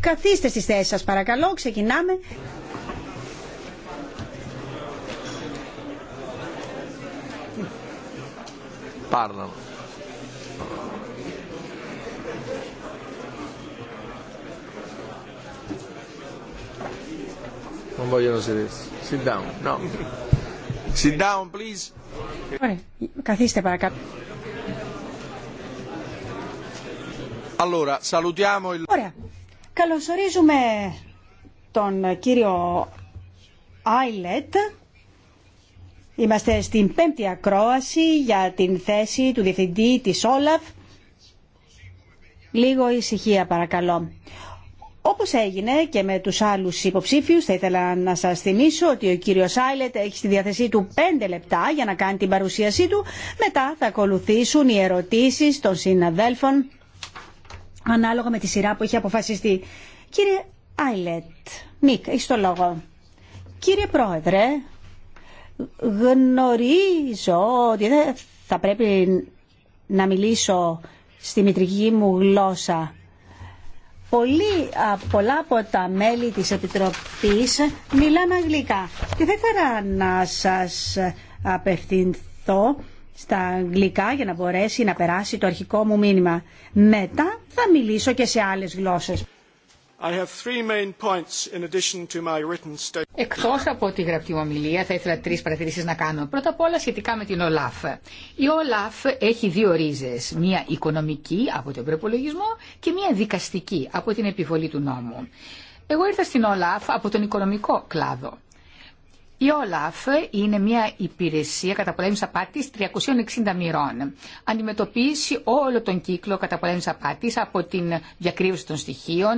Καθίστε στις θέσεις σας παρακαλώ, ξεκινάμε. Parlano. Non vogliono sedersi. Sit down, no. Sit down, please. καθίστε παρακαλώ. Ωραία. Καλωσορίζουμε τον κύριο Άιλετ. Είμαστε στην πέμπτη ακρόαση για την θέση του διευθυντή της Όλαφ. Λίγο ησυχία παρακαλώ. Όπως έγινε και με τους άλλους υποψήφιους, θα ήθελα να σας θυμίσω ότι ο κύριος Άιλετ έχει στη διάθεσή του πέντε λεπτά για να κάνει την παρουσίασή του. Μετά θα ακολουθήσουν οι ερωτήσεις των συναδέλφων ανάλογα με τη σειρά που είχε αποφασιστεί. Κύριε Άιλετ, Νίκ, έχει το λόγο. Κύριε Πρόεδρε, γνωρίζω ότι δεν θα πρέπει να μιλήσω στη μητρική μου γλώσσα. Πολύ, πολλά από τα μέλη της Επιτροπής μιλάνε αγγλικά και δεν ήθελα να σας απευθυνθώ στα αγγλικά για να μπορέσει να περάσει το αρχικό μου μήνυμα. Μετά θα μιλήσω και σε άλλες γλώσσες. Εκτό Εκτός από τη γραπτή μου ομιλία θα ήθελα τρεις παρατηρήσεις να κάνω. Πρώτα απ' όλα σχετικά με την ΟΛΑΦ. Η ΟΛΑΦ έχει δύο ρίζες. Μία οικονομική από τον προπολογισμό και μία δικαστική από την επιβολή του νόμου. Εγώ ήρθα στην ΟΛΑΦ από τον οικονομικό κλάδο. Η ΟΛΑΦ είναι μια υπηρεσία καταπολέμησης απάτης 360 μοιρών. Αντιμετωπίσει όλο τον κύκλο καταπολέμησης απάτης από την διακρύβωση των στοιχείων,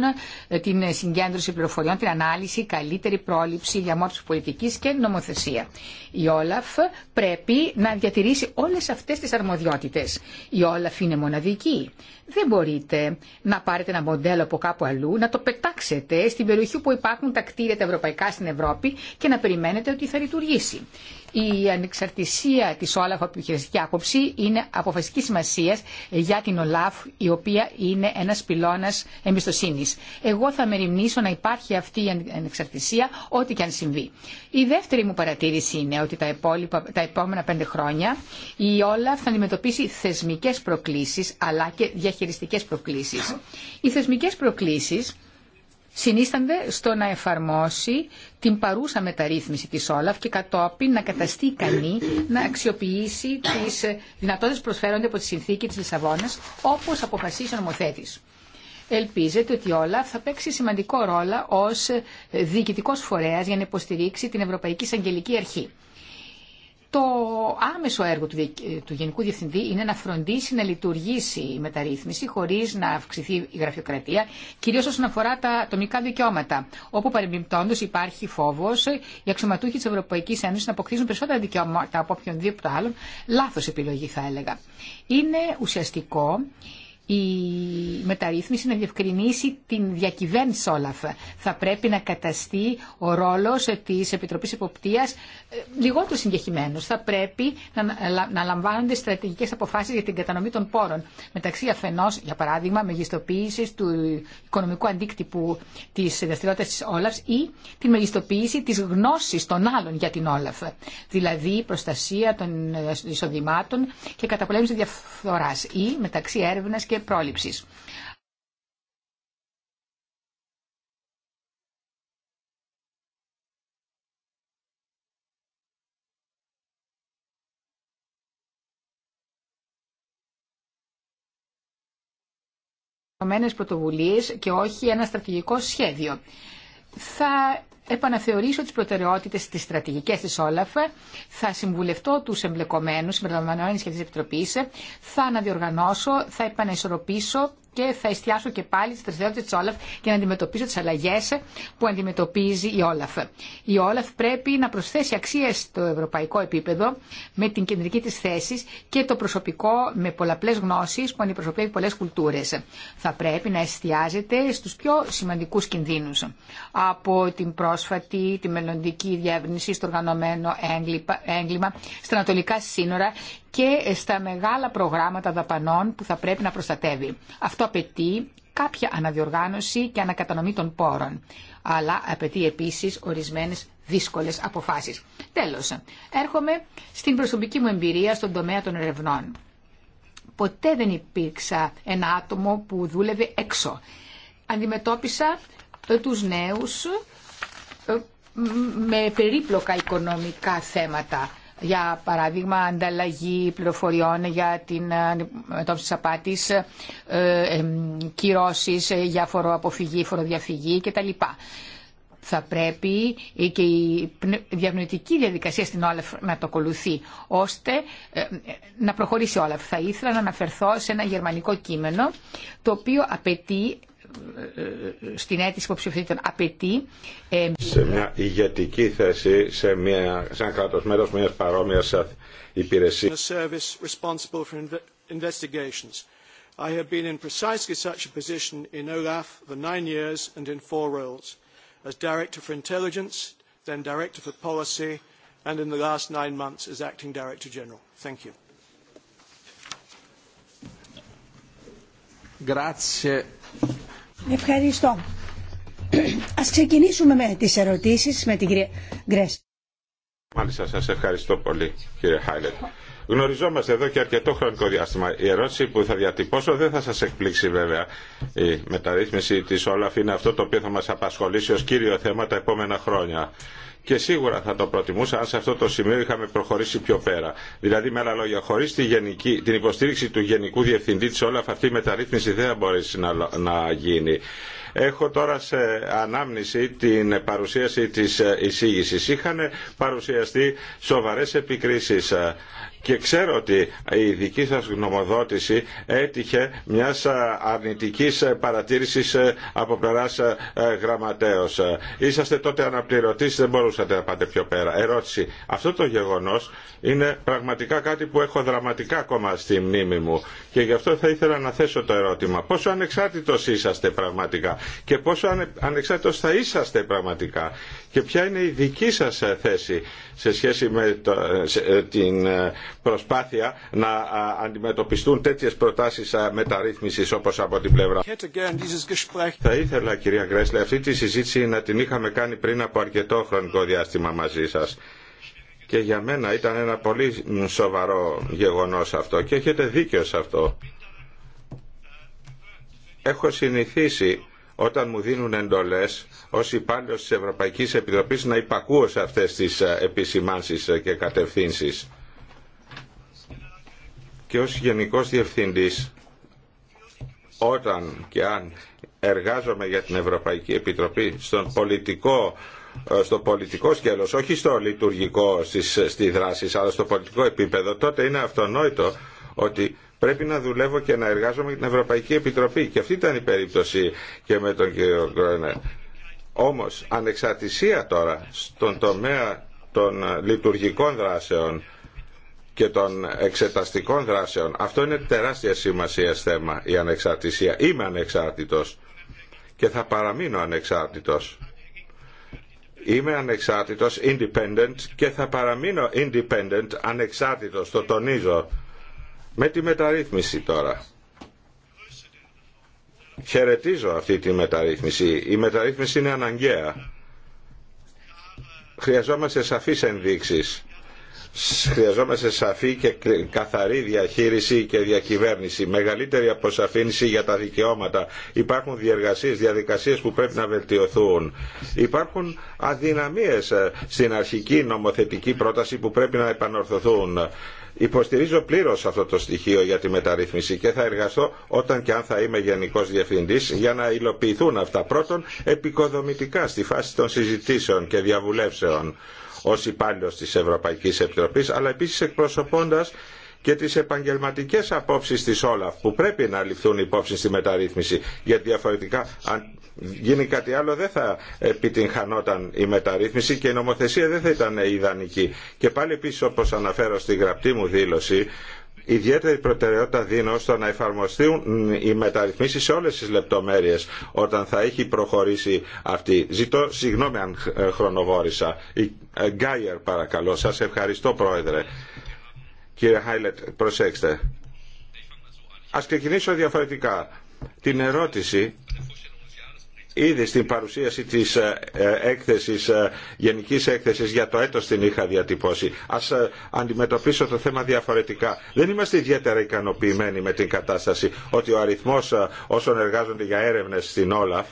την συγκέντρωση πληροφοριών, την ανάλυση, καλύτερη πρόληψη, διαμόρφωση πολιτικής και νομοθεσία. Η ΟΛΑΦ πρέπει να διατηρήσει όλες αυτές τις αρμοδιότητες. Η ΟΛΑΦ είναι μοναδική δεν μπορείτε να πάρετε ένα μοντέλο από κάπου αλλού, να το πετάξετε στην περιοχή που υπάρχουν τα κτίρια τα ευρωπαϊκά στην Ευρώπη και να περιμένετε ότι θα λειτουργήσει. Η ανεξαρτησία της Όλαφ από άποψη είναι αποφασιστική σημασία για την Όλαφ, η οποία είναι ένας πυλώνας εμπιστοσύνη. Εγώ θα μεριμνήσω να υπάρχει αυτή η ανεξαρτησία, ό,τι και αν συμβεί. Η δεύτερη μου παρατήρηση είναι ότι τα, τα επόμενα πέντε χρόνια η Όλαφ θα αντιμετωπίσει θεσμικές προκλήσει, αλλά και διαχειριστικέ προκλήσεις. Οι θεσμικές προκλήσεις συνίστανται στο να εφαρμόσει την παρούσα μεταρρύθμιση της Όλαφ και κατόπιν να καταστεί ικανή να αξιοποιήσει τις δυνατότητες που προσφέρονται από τη συνθήκη της Λισαβόνας όπως αποφασίσει ο νομοθέτης. Ελπίζεται ότι η Όλαφ θα παίξει σημαντικό ρόλο ως διοικητικός φορέας για να υποστηρίξει την Ευρωπαϊκή Σαγγελική Αρχή. Το άμεσο έργο του Γενικού Διευθυντή είναι να φροντίσει να λειτουργήσει η μεταρρύθμιση χωρί να αυξηθεί η γραφειοκρατία, κυρίως όσον αφορά τα ατομικά δικαιώματα. Όπου παρεμπιπτόντω υπάρχει φόβο οι αξιωματούχοι τη Ευρωπαϊκή Ένωση να αποκτήσουν περισσότερα δικαιώματα από οποιονδήποτε άλλον, λάθο επιλογή θα έλεγα. Είναι ουσιαστικό η μεταρρύθμιση να διευκρινίσει την διακυβέρνηση Όλαφ. Θα πρέπει να καταστεί ο ρόλος της Επιτροπής Εποπτείας ε, λιγότερο συγκεχημένος. Θα πρέπει να λαμβάνονται στρατηγικές αποφάσεις για την κατανομή των πόρων. Μεταξύ αφενός, για παράδειγμα, μεγιστοποίηση του οικονομικού αντίκτυπου της δραστηριότητα της Όλαφ ή τη μεγιστοποίηση της γνώσης των άλλων για την Όλαφ. Δηλαδή προστασία των εισοδημάτων και καταπολέμηση διαφθοράς ή μεταξύ έρευνα και και πρόληψης. πρωτοβουλίες και όχι ένα στρατηγικό σχέδιο. Θα επαναθεωρήσω τις προτεραιότητες, της στρατηγικές της Όλαφ, θα συμβουλευτώ τους εμπλεκομένους, συμπεριλαμβανομένης και της Επιτροπής, θα αναδιοργανώσω, θα επαναισορροπήσω και θα εστιάσω και πάλι στις δραστηριότητε τη Όλαφ για να αντιμετωπίσω τις αλλαγέ που αντιμετωπίζει η Όλαφ. Η Όλαφ πρέπει να προσθέσει αξίες στο ευρωπαϊκό επίπεδο με την κεντρική της θέση και το προσωπικό με πολλαπλές γνώσεις που αντιπροσωπεύει πολλές κουλτούρες. Θα πρέπει να εστιάζεται στους πιο σημαντικού κινδύνους από την πρόσφατη, τη μελλοντική διεύρυνση στο οργανωμένο έγκλημα, στα ανατολικά σύνορα και στα μεγάλα προγράμματα δαπανών που θα πρέπει να προστατεύει. Αυτό απαιτεί κάποια αναδιοργάνωση και ανακατανομή των πόρων, αλλά απαιτεί επίσης ορισμένες δύσκολες αποφάσεις. Τέλος, έρχομαι στην προσωπική μου εμπειρία στον τομέα των ερευνών. Ποτέ δεν υπήρξα ένα άτομο που δούλευε έξω. Αντιμετώπισα τους νέους ε, με περίπλοκα οικονομικά θέματα για παράδειγμα ανταλλαγή πληροφοριών για την αντιμετώπιση της απάτης, ε, ε, κυρώσεις για φοροαποφυγή, φοροδιαφυγή κτλ. Θα πρέπει και η διαγνωτική διαδικασία στην Όλαφ να το ακολουθεί, ώστε ε, να προχωρήσει Όλαφ. Θα ήθελα να αναφερθώ σε ένα γερμανικό κείμενο, το οποίο απαιτεί στην αίτηση υποψηφιότητων απαιτεί. σε μια ηγετική θέση, σε, μια, σε ένα κράτος μέλος μιας παρόμοιας υπηρεσίας. I have been in precisely such a position in OLAF for nine years and in four roles, as Director for Intelligence, then Director for Policy, and in the last nine months as Acting Director General. Thank you. Grazie Ευχαριστώ. Ας ξεκινήσουμε με τις ερωτήσεις με την κυρία Γκρέσ. Μάλιστα, σας ευχαριστώ πολύ κύριε Χάιλετ. Γνωριζόμαστε εδώ και αρκετό χρονικό διάστημα. Η ερώτηση που θα διατυπώσω δεν θα σας εκπλήξει βέβαια. Η μεταρρύθμιση της Όλαφ είναι αυτό το οποίο θα μας απασχολήσει ως κύριο θέμα τα επόμενα χρόνια και σίγουρα θα το προτιμούσα αν σε αυτό το σημείο είχαμε προχωρήσει πιο πέρα. Δηλαδή, με άλλα λόγια, χωρί τη την υποστήριξη του Γενικού Διευθυντή τη Όλαφ, αυτή η μεταρρύθμιση δεν θα μπορέσει να, να γίνει. Έχω τώρα σε ανάμνηση την παρουσίαση της ε, εισήγησης. Είχαν παρουσιαστεί σοβαρές επικρίσεις ε, και ξέρω ότι η δική σας γνωμοδότηση έτυχε μιας αρνητικής παρατήρησης από πλευράς γραμματέως. Είσαστε τότε αναπληρωτής, δεν μπορούσατε να πάτε πιο πέρα. Ερώτηση. Αυτό το γεγονός είναι πραγματικά κάτι που έχω δραματικά ακόμα στη μνήμη μου και γι' αυτό θα ήθελα να θέσω το ερώτημα. Πόσο ανεξάρτητος είσαστε πραγματικά και πόσο ανεξάρτητος θα είσαστε πραγματικά και ποια είναι η δική σας θέση σε σχέση με ε, την ε, προσπάθεια να αντιμετωπιστούν τέτοιες προτάσεις μεταρρύθμισης όπως από την πλευρά. Θα ήθελα κυρία Γκρέσλε αυτή τη συζήτηση να την είχαμε κάνει πριν από αρκετό χρονικό διάστημα μαζί σας. Και για μένα ήταν ένα πολύ σοβαρό γεγονός αυτό και έχετε δίκιο σε αυτό. Έχω συνηθίσει όταν μου δίνουν εντολές ως υπάλληλος της Ευρωπαϊκής Επιτροπής να υπακούω σε αυτές τις επισημάνσεις και κατευθύνσεις και ως Γενικός Διευθυντής όταν και αν εργάζομαι για την Ευρωπαϊκή Επιτροπή στον πολιτικό ε, στο πολιτικό σκέλος, όχι στο λειτουργικό στις, στη δράση, αλλά στο πολιτικό επίπεδο, τότε είναι αυτονόητο ότι πρέπει να δουλεύω και να εργάζομαι για την Ευρωπαϊκή Επιτροπή. Και αυτή ήταν η περίπτωση και με τον κύριο Γκρόνερ. Όμως, ανεξαρτησία τώρα στον τομέα των λειτουργικών δράσεων, και των εξεταστικών δράσεων. Αυτό είναι τεράστια σημασία θέμα η ανεξαρτησία. Είμαι ανεξάρτητος και θα παραμείνω ανεξάρτητος. Είμαι ανεξάρτητος, independent και θα παραμείνω independent, ανεξάρτητος, το τονίζω. Με τη μεταρρύθμιση τώρα. Χαιρετίζω αυτή τη μεταρρύθμιση. Η μεταρρύθμιση είναι αναγκαία. Χρειαζόμαστε σαφείς ενδείξεις χρειαζόμαστε σαφή και καθαρή διαχείριση και διακυβέρνηση, μεγαλύτερη αποσαφήνιση για τα δικαιώματα. Υπάρχουν διεργασίε, διαδικασίες που πρέπει να βελτιωθούν. Υπάρχουν αδυναμίες ε, στην αρχική νομοθετική πρόταση που πρέπει να επανορθωθούν. Υποστηρίζω πλήρω αυτό το στοιχείο για τη μεταρρύθμιση και θα εργαστώ όταν και αν θα είμαι Γενικό Διευθυντή για να υλοποιηθούν αυτά. Πρώτον, επικοδομητικά στη φάση των συζητήσεων και διαβουλεύσεων ως υπάλληλος της Ευρωπαϊκής Επιτροπής, αλλά επίσης εκπροσωπώντας και τις επαγγελματικές απόψεις της Όλαφ που πρέπει να ληφθούν υπόψη στη μεταρρύθμιση γιατί διαφορετικά αν γίνει κάτι άλλο δεν θα επιτυγχανόταν η μεταρρύθμιση και η νομοθεσία δεν θα ήταν ιδανική. Και πάλι επίσης όπως αναφέρω στη γραπτή μου δήλωση ιδιαίτερη προτεραιότητα δίνω στο να εφαρμοστεί οι μεταρρυθμίσεις σε όλες τις λεπτομέρειες όταν θα έχει προχωρήσει αυτή. Ζητώ συγγνώμη αν ε, χρονοβόρησα. Ε, Γκάιερ παρακαλώ. Σας ευχαριστώ πρόεδρε. Κύριε Χάιλετ, προσέξτε. Ας ξεκινήσω διαφορετικά. Την ερώτηση ήδη στην παρουσίαση της ε, ε, έκθεσης, ε, γενικής έκθεσης για το έτος την είχα διατυπώσει. Ας αντιμετωπίσω το θέμα διαφορετικά. Δεν είμαστε ιδιαίτερα ικανοποιημένοι με την κατάσταση ότι ο αριθμός όσων εργάζονται για έρευνες στην Όλαφ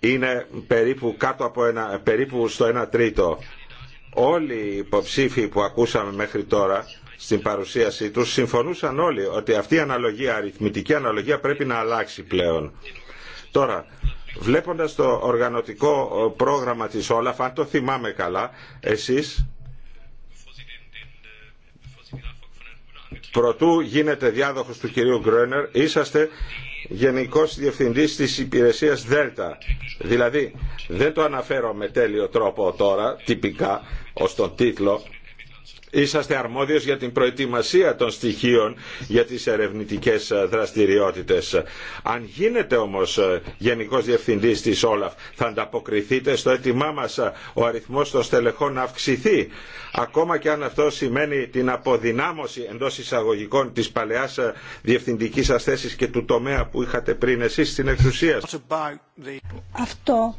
είναι περίπου, κάτω από ένα, περίπου στο 1 τρίτο. Όλοι οι υποψήφοι που ακούσαμε μέχρι τώρα στην παρουσίασή τους συμφωνούσαν όλοι ότι αυτή η αναλογία, αριθμητική αναλογία πρέπει να αλλάξει πλέον. Τώρα, Βλέποντας το οργανωτικό ε, πρόγραμμα της Όλαφ, αν το θυμάμαι καλά, εσείς προτού γίνετε διάδοχος του κυρίου Γκρόνερ, είσαστε Γενικός Διευθυντής της Υπηρεσίας ΔΕΛΤΑ. Δηλαδή, δεν το αναφέρω με τέλειο τρόπο τώρα, τυπικά, ως τον τίτλο, είσαστε αρμόδιος για την προετοιμασία των στοιχείων για τις ερευνητικές δραστηριότητες. Αν γίνεται όμως ε, Γενικός Διευθυντής της Όλαφ, θα ανταποκριθείτε στο αίτημά μας ε, ο αριθμός των στελεχών να αυξηθεί. Ακόμα και αν αυτό σημαίνει την αποδυνάμωση εντός εισαγωγικών της παλαιάς ε, διευθυντικής σας θέσης και του τομέα που είχατε πριν εσείς στην εξουσία. Αυτό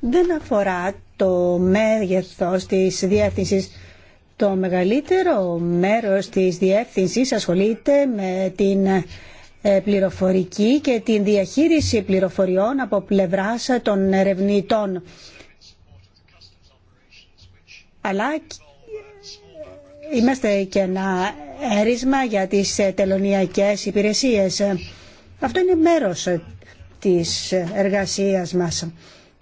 δεν αφορά το μέγεθος της διεύθυνσης το μεγαλύτερο μέρος της διεύθυνσης ασχολείται με την ε, πληροφορική και την διαχείριση πληροφοριών από πλευράς των ερευνητών. Αλλά είμαστε και ένα έρισμα για τις ε, τελωνιακές υπηρεσίες. Αυτό είναι μέρος της εργασίας μας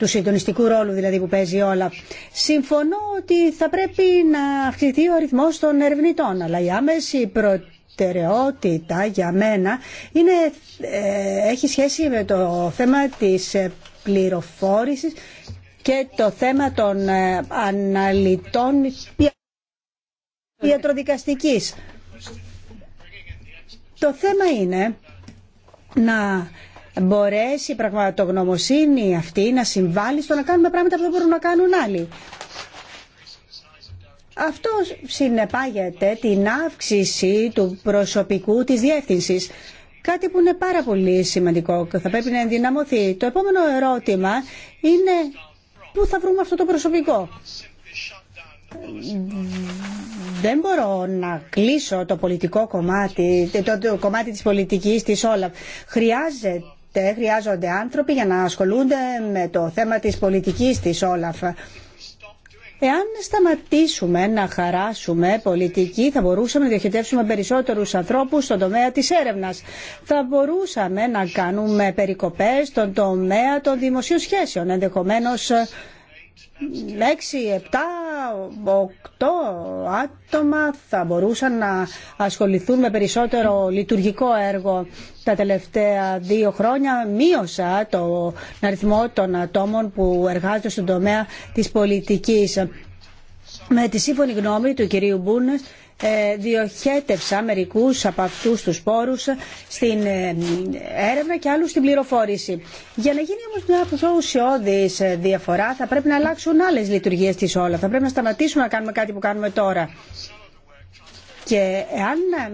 του συντονιστικού ρόλου δηλαδή που παίζει όλα. Συμφωνώ ότι θα πρέπει να αυξηθεί ο αριθμός των ερευνητών, αλλά η άμεση προτεραιότητα για μένα είναι, ε, έχει σχέση με το θέμα της ε, πληροφόρησης και το θέμα των ε, αναλυτών ιατροδικαστικής. Το θέμα είναι να μπορέσει η πραγματογνωμοσύνη αυτή να συμβάλλει στο να κάνουμε πράγματα που δεν μπορούν να κάνουν άλλοι. Αυτό συνεπάγεται την αύξηση του προσωπικού της διεύθυνσης. Κάτι που είναι πάρα πολύ σημαντικό και θα πρέπει να ενδυναμωθεί. Το επόμενο ερώτημα είναι πού θα βρούμε αυτό το προσωπικό. Δεν μπορώ να κλείσω το πολιτικό κομμάτι, το, κομμάτι της πολιτικής της όλα. Χρειάζεται χρειάζονται άνθρωποι για να ασχολούνται με το θέμα της πολιτικής της Όλαφ. Εάν σταματήσουμε να χαράσουμε πολιτική, θα μπορούσαμε να διοχετεύσουμε περισσότερους ανθρώπους στον τομέα της έρευνας. Θα μπορούσαμε να κάνουμε περικοπές στον τομέα των δημοσίων σχέσεων, ενδεχομένως Έξι, επτά, 8 άτομα θα μπορούσαν να ασχοληθούν με περισσότερο λειτουργικό έργο. Τα τελευταία δύο χρόνια μείωσα τον αριθμό των ατόμων που εργάζονται στον τομέα της πολιτικής. Με τη σύμφωνη γνώμη του κυρίου Μπούνες ε, διοχέτευσα μερικούς από αυτούς τους πόρους στην ε, έρευνα και άλλους στην πληροφόρηση. Για να γίνει όμως μια πιο ε, διαφορά θα πρέπει να αλλάξουν άλλες λειτουργίες της όλα. Θα πρέπει να σταματήσουμε να κάνουμε κάτι που κάνουμε τώρα. Και αν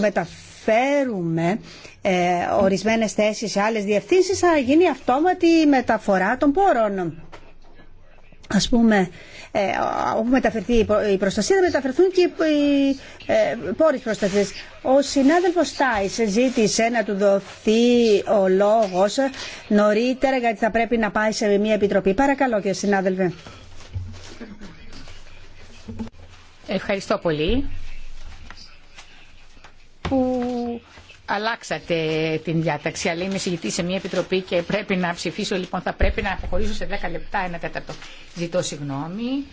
μεταφέρουμε ε, ορισμένες θέσεις σε άλλες διευθύνσεις θα γίνει αυτόματη μεταφορά των πόρων. Ας πούμε, ε, όπου μεταφερθεί η προστασία θα μεταφερθούν και οι ε, πόροι προστασίας. Ο συνάδελφος Τάις ζήτησε να του δοθεί ο λόγος νωρίτερα γιατί θα πρέπει να πάει σε μια επιτροπή. Παρακαλώ κύριε συνάδελφε. Ευχαριστώ πολύ που αλλάξατε την διάταξη, αλλά είμαι συγητή σε μια επιτροπή και πρέπει να ψηφίσω, λοιπόν θα πρέπει να αποχωρήσω σε 10 λεπτά, ένα τέταρτο. Ζητώ συγγνώμη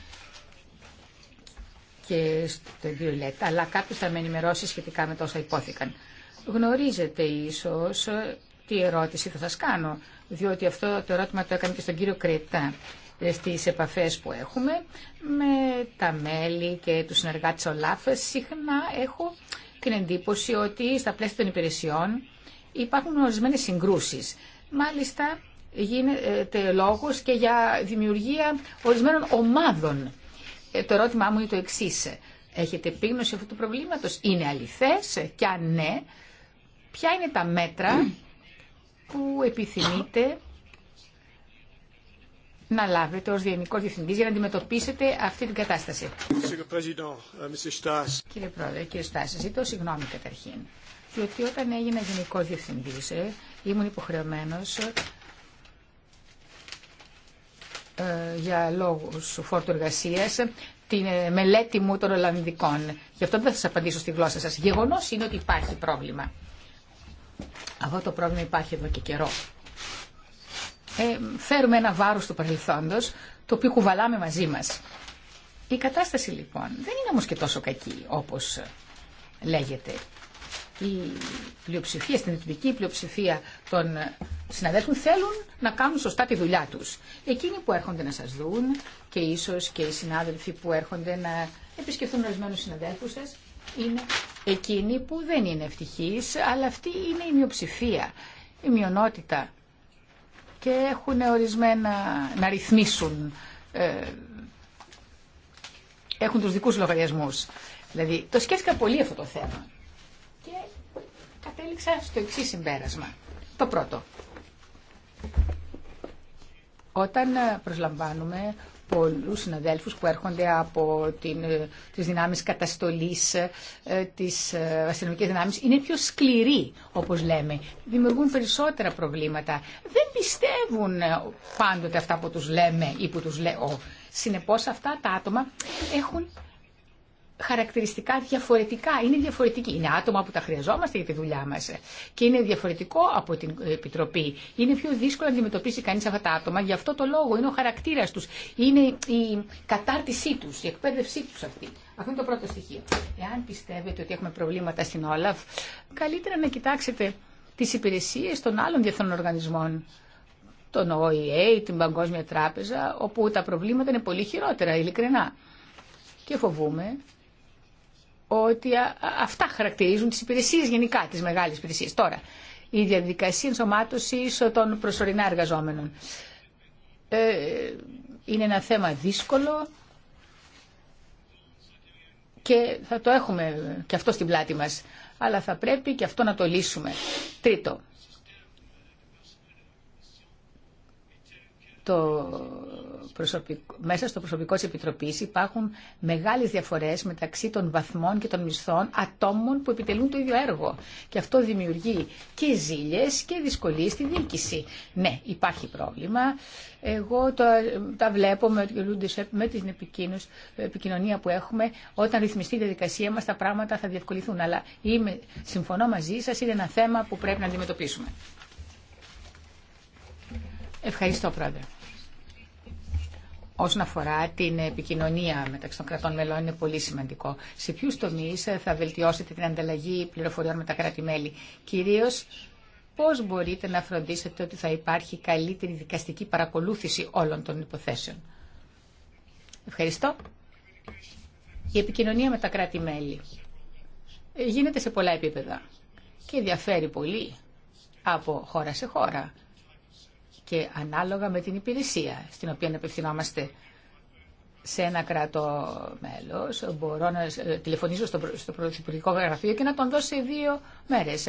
και στο δύο Λέτα, αλλά κάποιο θα με ενημερώσει σχετικά με τόσα υπόθηκαν. Γνωρίζετε ίσως τι ερώτηση θα σας κάνω, διότι αυτό το ερώτημα το έκανε και στον κύριο Κρετά στις επαφές που έχουμε με τα μέλη και τους συνεργάτες ΟΛΑΦ. Συχνά έχω την εντύπωση ότι στα πλαίσια των υπηρεσιών υπάρχουν ορισμένε συγκρούσεις. Μάλιστα γίνεται λόγος και για δημιουργία ορισμένων ομάδων. Ε, το ερώτημά μου είναι το εξή. Έχετε επίγνωση αυτού του προβλήματο. Είναι αληθές και αν ναι, ποια είναι τα μέτρα που επιθυμείτε να λάβετε ως Γενικό Διευθυντής για να αντιμετωπίσετε αυτή την κατάσταση. Euh, κύριε Πρόεδρε, κύριε Στάση, ζητώ συγγνώμη καταρχήν. Διότι όταν έγινα Γενικό Διευθυντής ε, ήμουν υποχρεωμένος ε, για λόγους φόρτου εργασία τη ε, μελέτη μου των Ολλανδικών. Γι' αυτό δεν θα σας απαντήσω στη γλώσσα σας. Γεγονός είναι ότι υπάρχει πρόβλημα. Αυτό το πρόβλημα υπάρχει εδώ και καιρό. Ε, φέρουμε ένα βάρος του παρελθόντος, το οποίο κουβαλάμε μαζί μας. Η κατάσταση λοιπόν δεν είναι όμως και τόσο κακή όπως λέγεται. Η πλειοψηφία, στην εθνική πλειοψηφία των συναδέλφων θέλουν να κάνουν σωστά τη δουλειά τους. Εκείνοι που έρχονται να σας δουν και ίσως και οι συνάδελφοι που έρχονται να επισκεφθούν ορισμένους συναδέλφους σας είναι εκείνοι που δεν είναι ευτυχείς, αλλά αυτή είναι η μειοψηφία, η μειονότητα και έχουν ορισμένα να ρυθμίσουν, ε, έχουν τους δικούς λογαριασμούς. Δηλαδή, το σκέφτηκα πολύ αυτό το θέμα και κατέληξα στο εξή συμπέρασμα. Το πρώτο, όταν ε, προσλαμβάνουμε πολλούς συναδέλφους που έρχονται από την, ε, τις δυνάμεις καταστολής, ε, τις δυνάμει, ε, δυνάμεις, είναι πιο σκληροί, όπως λέμε. Δημιουργούν περισσότερα προβλήματα. Δεν πιστεύουν πάντοτε αυτά που τους λέμε ή που τους λέω. Συνεπώς αυτά τα άτομα έχουν χαρακτηριστικά διαφορετικά. Είναι διαφορετική. Είναι άτομα που τα χρειαζόμαστε για τη δουλειά μα. Και είναι διαφορετικό από την Επιτροπή. Είναι πιο δύσκολο να αντιμετωπίσει κανεί αυτά τα άτομα. Γι' αυτό το λόγο είναι ο χαρακτήρα του. Είναι η κατάρτισή του, η εκπαίδευσή του αυτή. Αυτό είναι το πρώτο στοιχείο. Εάν πιστεύετε ότι έχουμε προβλήματα στην Όλαφ, καλύτερα να κοιτάξετε τι υπηρεσίε των άλλων διεθνών οργανισμών τον ΟΗΕ, την Παγκόσμια Τράπεζα, όπου τα προβλήματα είναι πολύ χειρότερα, ειλικρινά. Και φοβούμε ότι αυτά χαρακτηρίζουν τις υπηρεσίες γενικά, τις μεγάλες υπηρεσίες. Τώρα, η διαδικασία ενσωμάτωσης των προσωρινά εργαζόμενων. Ε, είναι ένα θέμα δύσκολο και θα το έχουμε και αυτό στην πλάτη μας. Αλλά θα πρέπει και αυτό να το λύσουμε. Τρίτο, το μέσα στο προσωπικό της Επιτροπής υπάρχουν μεγάλες διαφορές μεταξύ των βαθμών και των μισθών ατόμων που επιτελούν το ίδιο έργο. Και αυτό δημιουργεί και ζήλες και δυσκολίες στη διοίκηση. Ναι, υπάρχει πρόβλημα. Εγώ τα, τα βλέπω με, με την επικοινωνία που έχουμε. Όταν ρυθμιστεί η διαδικασία μας τα πράγματα θα διευκολυθούν. Αλλά συμφωνώ μαζί σας, είναι ένα θέμα που πρέπει να αντιμετωπίσουμε. Ευχαριστώ, Πρόεδρε όσον αφορά την επικοινωνία μεταξύ των κρατών μελών είναι πολύ σημαντικό. Σε ποιου τομεί ε, θα βελτιώσετε την ανταλλαγή πληροφοριών με τα κράτη-μέλη, κυρίω πώς μπορείτε να φροντίσετε ότι θα υπάρχει καλύτερη δικαστική παρακολούθηση όλων των υποθέσεων. Ευχαριστώ. Η επικοινωνία με τα κράτη-μέλη ε, γίνεται σε πολλά επίπεδα και διαφέρει πολύ από χώρα σε χώρα και ανάλογα με την υπηρεσία στην οποία απευθυνόμαστε σε ένα κράτο μέλος. Μπορώ να ε, τηλεφωνήσω στο, στο Πρωθυπουργικό Γραφείο και να τον δώσω σε δύο μέρες.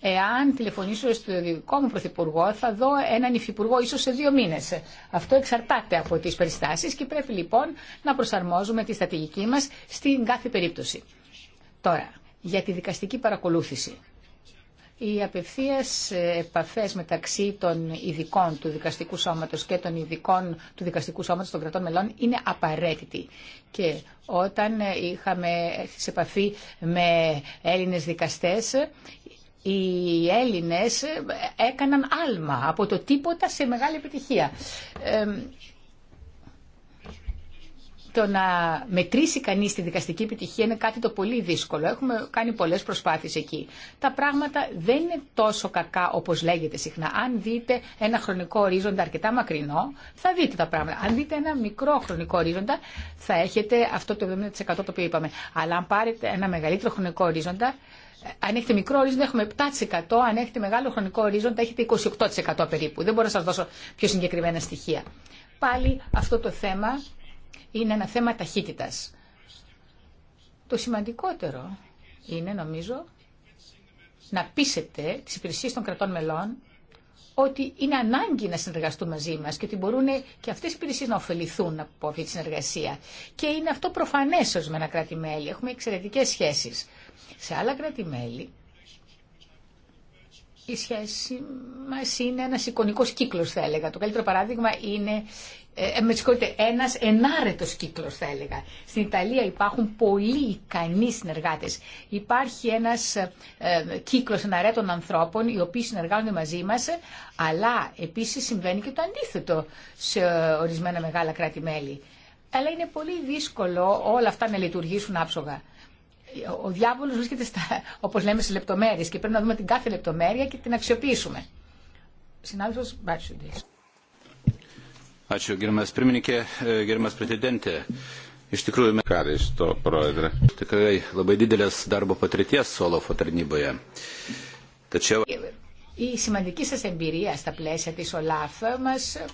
Εάν τηλεφωνήσω στο δικό μου Πρωθυπουργό θα δω έναν Υφυπουργό ίσως σε δύο μήνες. Αυτό εξαρτάται από τις περιστάσεις και πρέπει λοιπόν να προσαρμόζουμε τη στρατηγική μας στην κάθε περίπτωση. Τώρα, για τη δικαστική παρακολούθηση. Οι απευθείας επαφές μεταξύ των ειδικών του δικαστικού σώματος και των ειδικών του δικαστικού σώματος των κρατών μελών είναι απαραίτητη. Και όταν είχαμε σε επαφή με Έλληνες δικαστές, οι Έλληνες έκαναν άλμα από το τίποτα σε μεγάλη επιτυχία το να μετρήσει κανείς τη δικαστική επιτυχία είναι κάτι το πολύ δύσκολο. Έχουμε κάνει πολλές προσπάθειες εκεί. Τα πράγματα δεν είναι τόσο κακά όπως λέγεται συχνά. Αν δείτε ένα χρονικό ορίζοντα αρκετά μακρινό, θα δείτε τα πράγματα. Αν δείτε ένα μικρό χρονικό ορίζοντα, θα έχετε αυτό το 70% το οποίο είπαμε. Αλλά αν πάρετε ένα μεγαλύτερο χρονικό ορίζοντα, αν έχετε μικρό ορίζοντα έχουμε 7%, αν έχετε μεγάλο χρονικό ορίζοντα έχετε 28% περίπου. Δεν μπορώ να σα δώσω πιο συγκεκριμένα στοιχεία. Πάλι αυτό το θέμα είναι ένα θέμα ταχύτητας. Το σημαντικότερο είναι, νομίζω, να πείσετε τις υπηρεσίες των κρατών μελών ότι είναι ανάγκη να συνεργαστούν μαζί μας και ότι μπορούν και αυτές οι υπηρεσίες να ωφεληθούν από αυτή τη συνεργασία. Και είναι αυτό προφανέ με ενα κρατη κράτη-μέλη. Έχουμε εξαιρετικές σχέσεις. Σε άλλα κράτη-μέλη, η σχέση μας είναι ένας εικονικός κύκλος, θα έλεγα. Το καλύτερο παράδειγμα είναι ε, ε, με συγχωρείτε, ένας ενάρετος κύκλος θα έλεγα. Στην Ιταλία υπάρχουν πολύ ικανοί συνεργάτες. Υπάρχει ένας ε, ε, κύκλος εναρέτων ανθρώπων οι οποίοι συνεργάζονται μαζί μας, αλλά επίσης συμβαίνει και το αντίθετο σε ορισμένα μεγάλα κράτη-μέλη. Αλλά είναι πολύ δύσκολο όλα αυτά να λειτουργήσουν άψογα. Ο διάβολος βρίσκεται, στα, όπως λέμε, σε λεπτομέρειες και πρέπει να δούμε την κάθε λεπτομέρεια και την αξιοποιήσουμε. Συνάδελφος Μπάρσουντης. Η σημαντική σας εμπειρία στα πλαίσια της ΟΛΑΦ μας ε,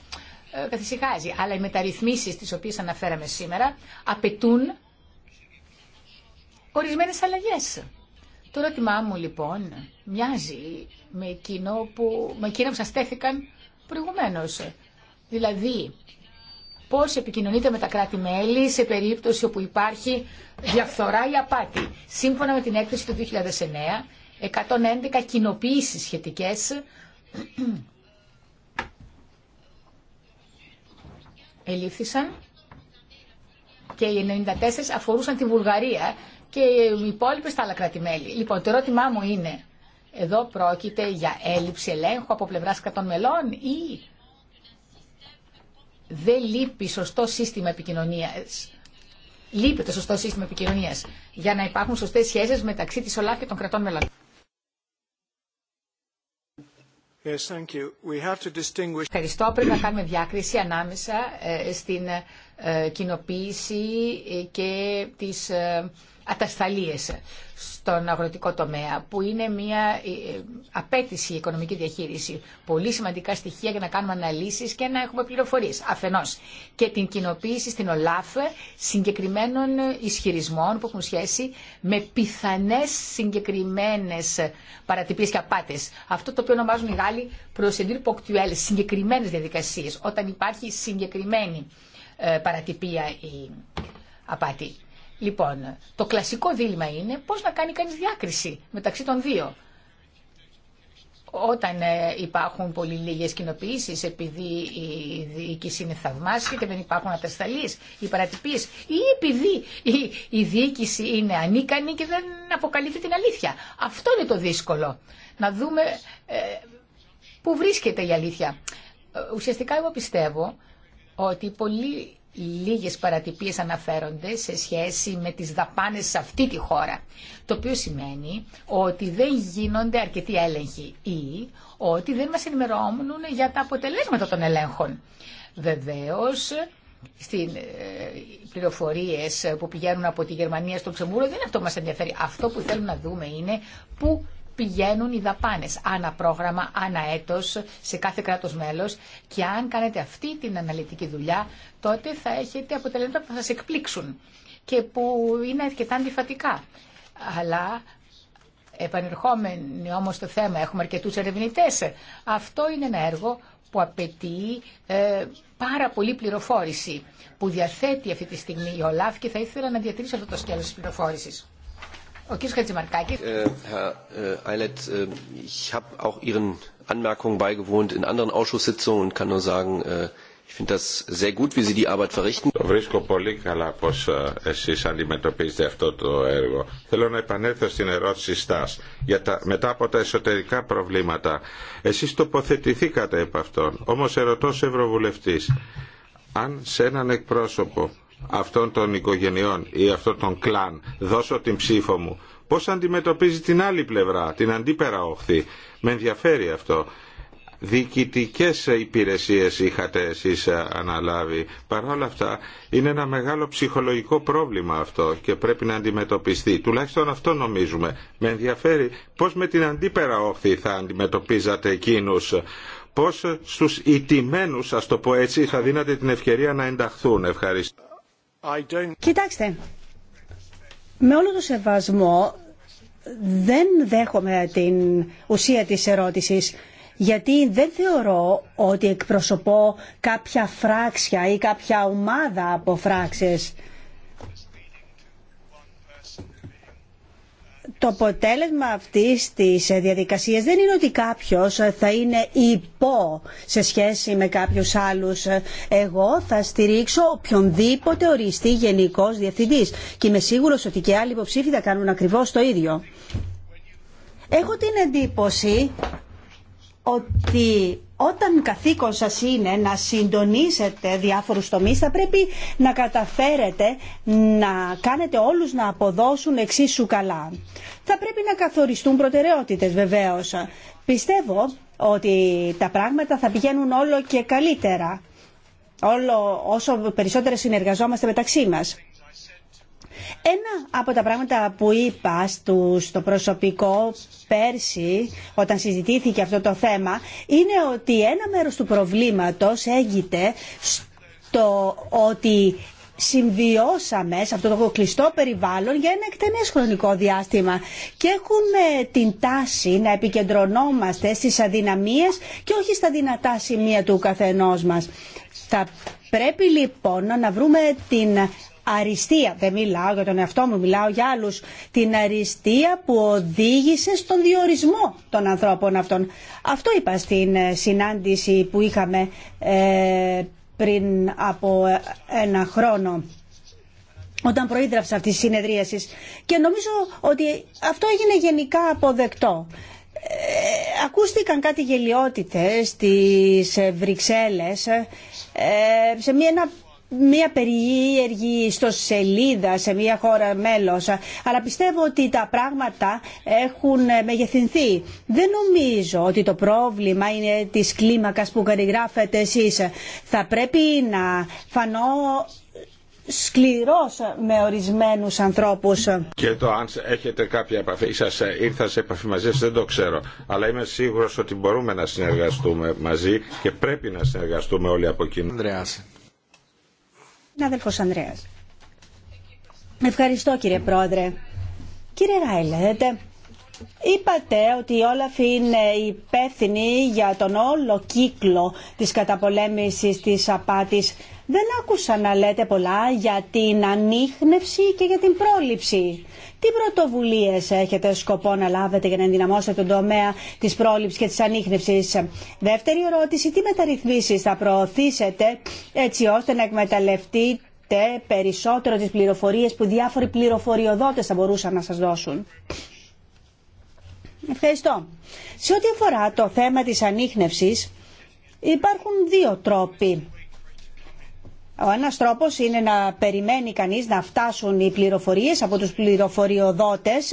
καθησυχάζει, αλλά οι μεταρρυθμίσεις τις οποίες αναφέραμε σήμερα απαιτούν ορισμένες αλλαγές. Το ερώτημά μου λοιπόν μοιάζει με, εκείνο που, με εκείνα που σας τέθηκαν προηγουμένως. Δηλαδή, πώς επικοινωνείτε με τα κράτη-μέλη σε περίπτωση όπου υπάρχει διαφθορά ή απάτη. Σύμφωνα με την έκθεση του 2009, 111 κοινοποίησεις σχετικές ελήφθησαν και οι 94 αφορούσαν τη Βουλγαρία και οι υπόλοιπε τα άλλα κράτη-μέλη. Λοιπόν, το ερώτημά μου είναι, εδώ πρόκειται για έλλειψη ελέγχου από πλευράς κρατών μελών ή δεν λείπει σωστό σύστημα επικοινωνία. Λείπει το σωστό σύστημα επικοινωνία. για να υπάρχουν σωστέ σχέσει μεταξύ τη ΟΛΑΦ και των κρατών μελών. Yes, Ευχαριστώ. Πρέπει να κάνουμε διάκριση ανάμεσα ε, στην ε, κοινοποίηση και τις ε, ατασταλίες στον αγροτικό τομέα, που είναι μια ε, απέτηση η οικονομική διαχείριση. Πολύ σημαντικά στοιχεία για να κάνουμε αναλύσεις και να έχουμε πληροφορίες. Αφενός και την κοινοποίηση στην ΟΛΑΦ συγκεκριμένων ισχυρισμών που έχουν σχέση με πιθανές συγκεκριμένες παρατυπίες και απάτες. Αυτό το οποίο ονομάζουν οι Γάλλοι προσεντήρ ponctuelles, συγκεκριμένες διαδικασίες, όταν υπάρχει συγκεκριμένη ε, παρατυπία ή απάτη. Λοιπόν, το κλασικό δίλημα είναι πώς να κάνει κανείς διάκριση μεταξύ των δύο. Όταν ε, υπάρχουν πολύ λίγες κοινοποιήσεις επειδή η διοίκηση είναι πολυ λιγες κοινοποιήσει, επειδη η διοικηση ειναι θαυμασια και δεν υπάρχουν ατασταλείς ή παρατυπίες ή επειδή η διοίκηση είναι ανίκανη και δεν αποκαλύπτει την αλήθεια. Αυτό είναι το δύσκολο. Να δούμε ε, πού βρίσκεται η αλήθεια. Ουσιαστικά εγώ πιστεύω ότι πολύ λίγες παρατυπίες αναφέρονται σε σχέση με τις δαπάνες σε αυτή τη χώρα. Το οποίο σημαίνει ότι δεν γίνονται αρκετοί έλεγχοι ή ότι δεν μας ενημερώνουν για τα αποτελέσματα των ελέγχων. Βεβαίως, στην ε, πληροφορίες που πηγαίνουν από τη Γερμανία στο Ξεμούρο δεν αυτό μας ενδιαφέρει. Αυτό που θέλουμε να δούμε είναι πού πηγαίνουν οι δαπάνες ανά πρόγραμμα, ανά έτος, σε κάθε κράτος μέλος και αν κάνετε αυτή την αναλυτική δουλειά τότε θα έχετε αποτελέσματα που θα σας εκπλήξουν και που είναι αρκετά αντιφατικά. Αλλά επανερχόμενοι όμως το θέμα, έχουμε αρκετούς ερευνητές, αυτό είναι ένα έργο που απαιτεί ε, πάρα πολύ πληροφόρηση που διαθέτει αυτή τη στιγμή η ΟΛΑΦ και θα ήθελα να διατηρήσω αυτό το σκέλος της πληροφόρησης. Το βρίσκω πολύ καλά πως ε, εσείς αντιμετωπίζετε αυτό το έργο. Θέλω να επανέλθω στην ερώτησή σας. μετά από τα εσωτερικά προβλήματα, εσείς τοποθετηθήκατε επ' αυτών. Όμως ερωτώ σε Ευρωβουλευτής, αν σε έναν εκπρόσωπο αυτών των οικογενειών ή αυτών των κλάν, δώσω την ψήφο μου, πώς αντιμετωπίζει την άλλη πλευρά, την αντίπερα όχθη. Με ενδιαφέρει αυτό. Διοικητικές υπηρεσίες είχατε εσείς ε, αναλάβει. Παρ' όλα αυτά είναι ένα μεγάλο ψυχολογικό πρόβλημα αυτό και πρέπει να αντιμετωπιστεί. Τουλάχιστον αυτό νομίζουμε. Με ενδιαφέρει πώς με την αντίπερα όχθη θα αντιμετωπίζατε εκείνους πώς στους ιτημένους, ας το πω έτσι, θα δίνατε την ευκαιρία να ενταχθούν. Ευχαριστώ. Κοιτάξτε, με όλο το σεβασμό δεν δέχομαι την ουσία της ερώτησης γιατί δεν θεωρώ ότι εκπροσωπώ κάποια φράξια ή κάποια ομάδα από φράξες. Το αποτέλεσμα αυτής τη διαδικασία δεν είναι ότι κάποιος θα είναι υπό σε σχέση με κάποιους άλλους. Εγώ θα στηρίξω οποιονδήποτε οριστεί γενικό διευθυντής και είμαι σίγουρο ότι και άλλοι υποψήφοι θα κάνουν ακριβώς το ίδιο. Έχω την εντύπωση ότι όταν καθήκον σας είναι να συντονίσετε διάφορους τομείς θα πρέπει να καταφέρετε να κάνετε όλους να αποδώσουν εξίσου καλά. Θα πρέπει να καθοριστούν προτεραιότητες βεβαίως. Πιστεύω ότι τα πράγματα θα πηγαίνουν όλο και καλύτερα όλο όσο περισσότερα συνεργαζόμαστε μεταξύ μας. Ένα από τα πράγματα που είπα στο προσωπικό πέρσι όταν συζητήθηκε αυτό το θέμα είναι ότι ένα μέρος του προβλήματος έγινε στο ότι συμβιώσαμε σε αυτό το κλειστό περιβάλλον για ένα εκτενές χρονικό διάστημα και έχουμε την τάση να επικεντρωνόμαστε στις αδυναμίες και όχι στα δυνατά σημεία του καθενός μας. Θα πρέπει λοιπόν να βρούμε την αριστεία, δεν μιλάω για τον εαυτό μου, μιλάω για άλλους, την αριστεία που οδήγησε στον διορισμό των ανθρώπων αυτών. Αυτό είπα στην ε, συνάντηση που είχαμε ε, πριν από ε, ένα χρόνο όταν προείδραψα αυτή τη συνεδρίαση. Και νομίζω ότι αυτό έγινε γενικά αποδεκτό. Ε, ακούστηκαν κάτι γελιότητες στις Βρυξέλλες ε, σε μια, μια περίεργη στο σελίδα σε μια χώρα μέλος. Αλλά πιστεύω ότι τα πράγματα έχουν μεγεθυνθεί. Δεν νομίζω ότι το πρόβλημα είναι της κλίμακας που καριγράφετε εσείς. Θα πρέπει να φανώ σκληρός με ορισμένους ανθρώπους. Και το αν έχετε κάποια επαφή, σας ήρθα σε επαφή μαζί σας, δεν το ξέρω. Αλλά είμαι σίγουρος ότι μπορούμε να συνεργαστούμε μαζί και πρέπει να συνεργαστούμε όλοι από κοινού. Ανδρέας. Ευχαριστώ κύριε Πρόεδρε. Κύριε Ράιλετ, Είπατε ότι η Όλαφ είναι υπεύθυνη για τον όλο κύκλο της καταπολέμησης της απάτης. Δεν άκουσα να λέτε πολλά για την ανείχνευση και για την πρόληψη. Τι πρωτοβουλίε έχετε σκοπό να λάβετε για να ενδυναμώσετε τον τομέα τη πρόληψη και τη ανείχνευση. Δεύτερη ερώτηση, τι μεταρρυθμίσει θα προωθήσετε έτσι ώστε να εκμεταλλευτείτε περισσότερο τις πληροφορίες που διάφοροι πληροφοριοδότες θα μπορούσαν να σας δώσουν. Ευχαριστώ. Σε ό,τι αφορά το θέμα της ανείχνευσης, υπάρχουν δύο τρόποι ο ένα τρόπο είναι να περιμένει κανείς να φτάσουν οι πληροφορίες από τους πληροφοριοδότες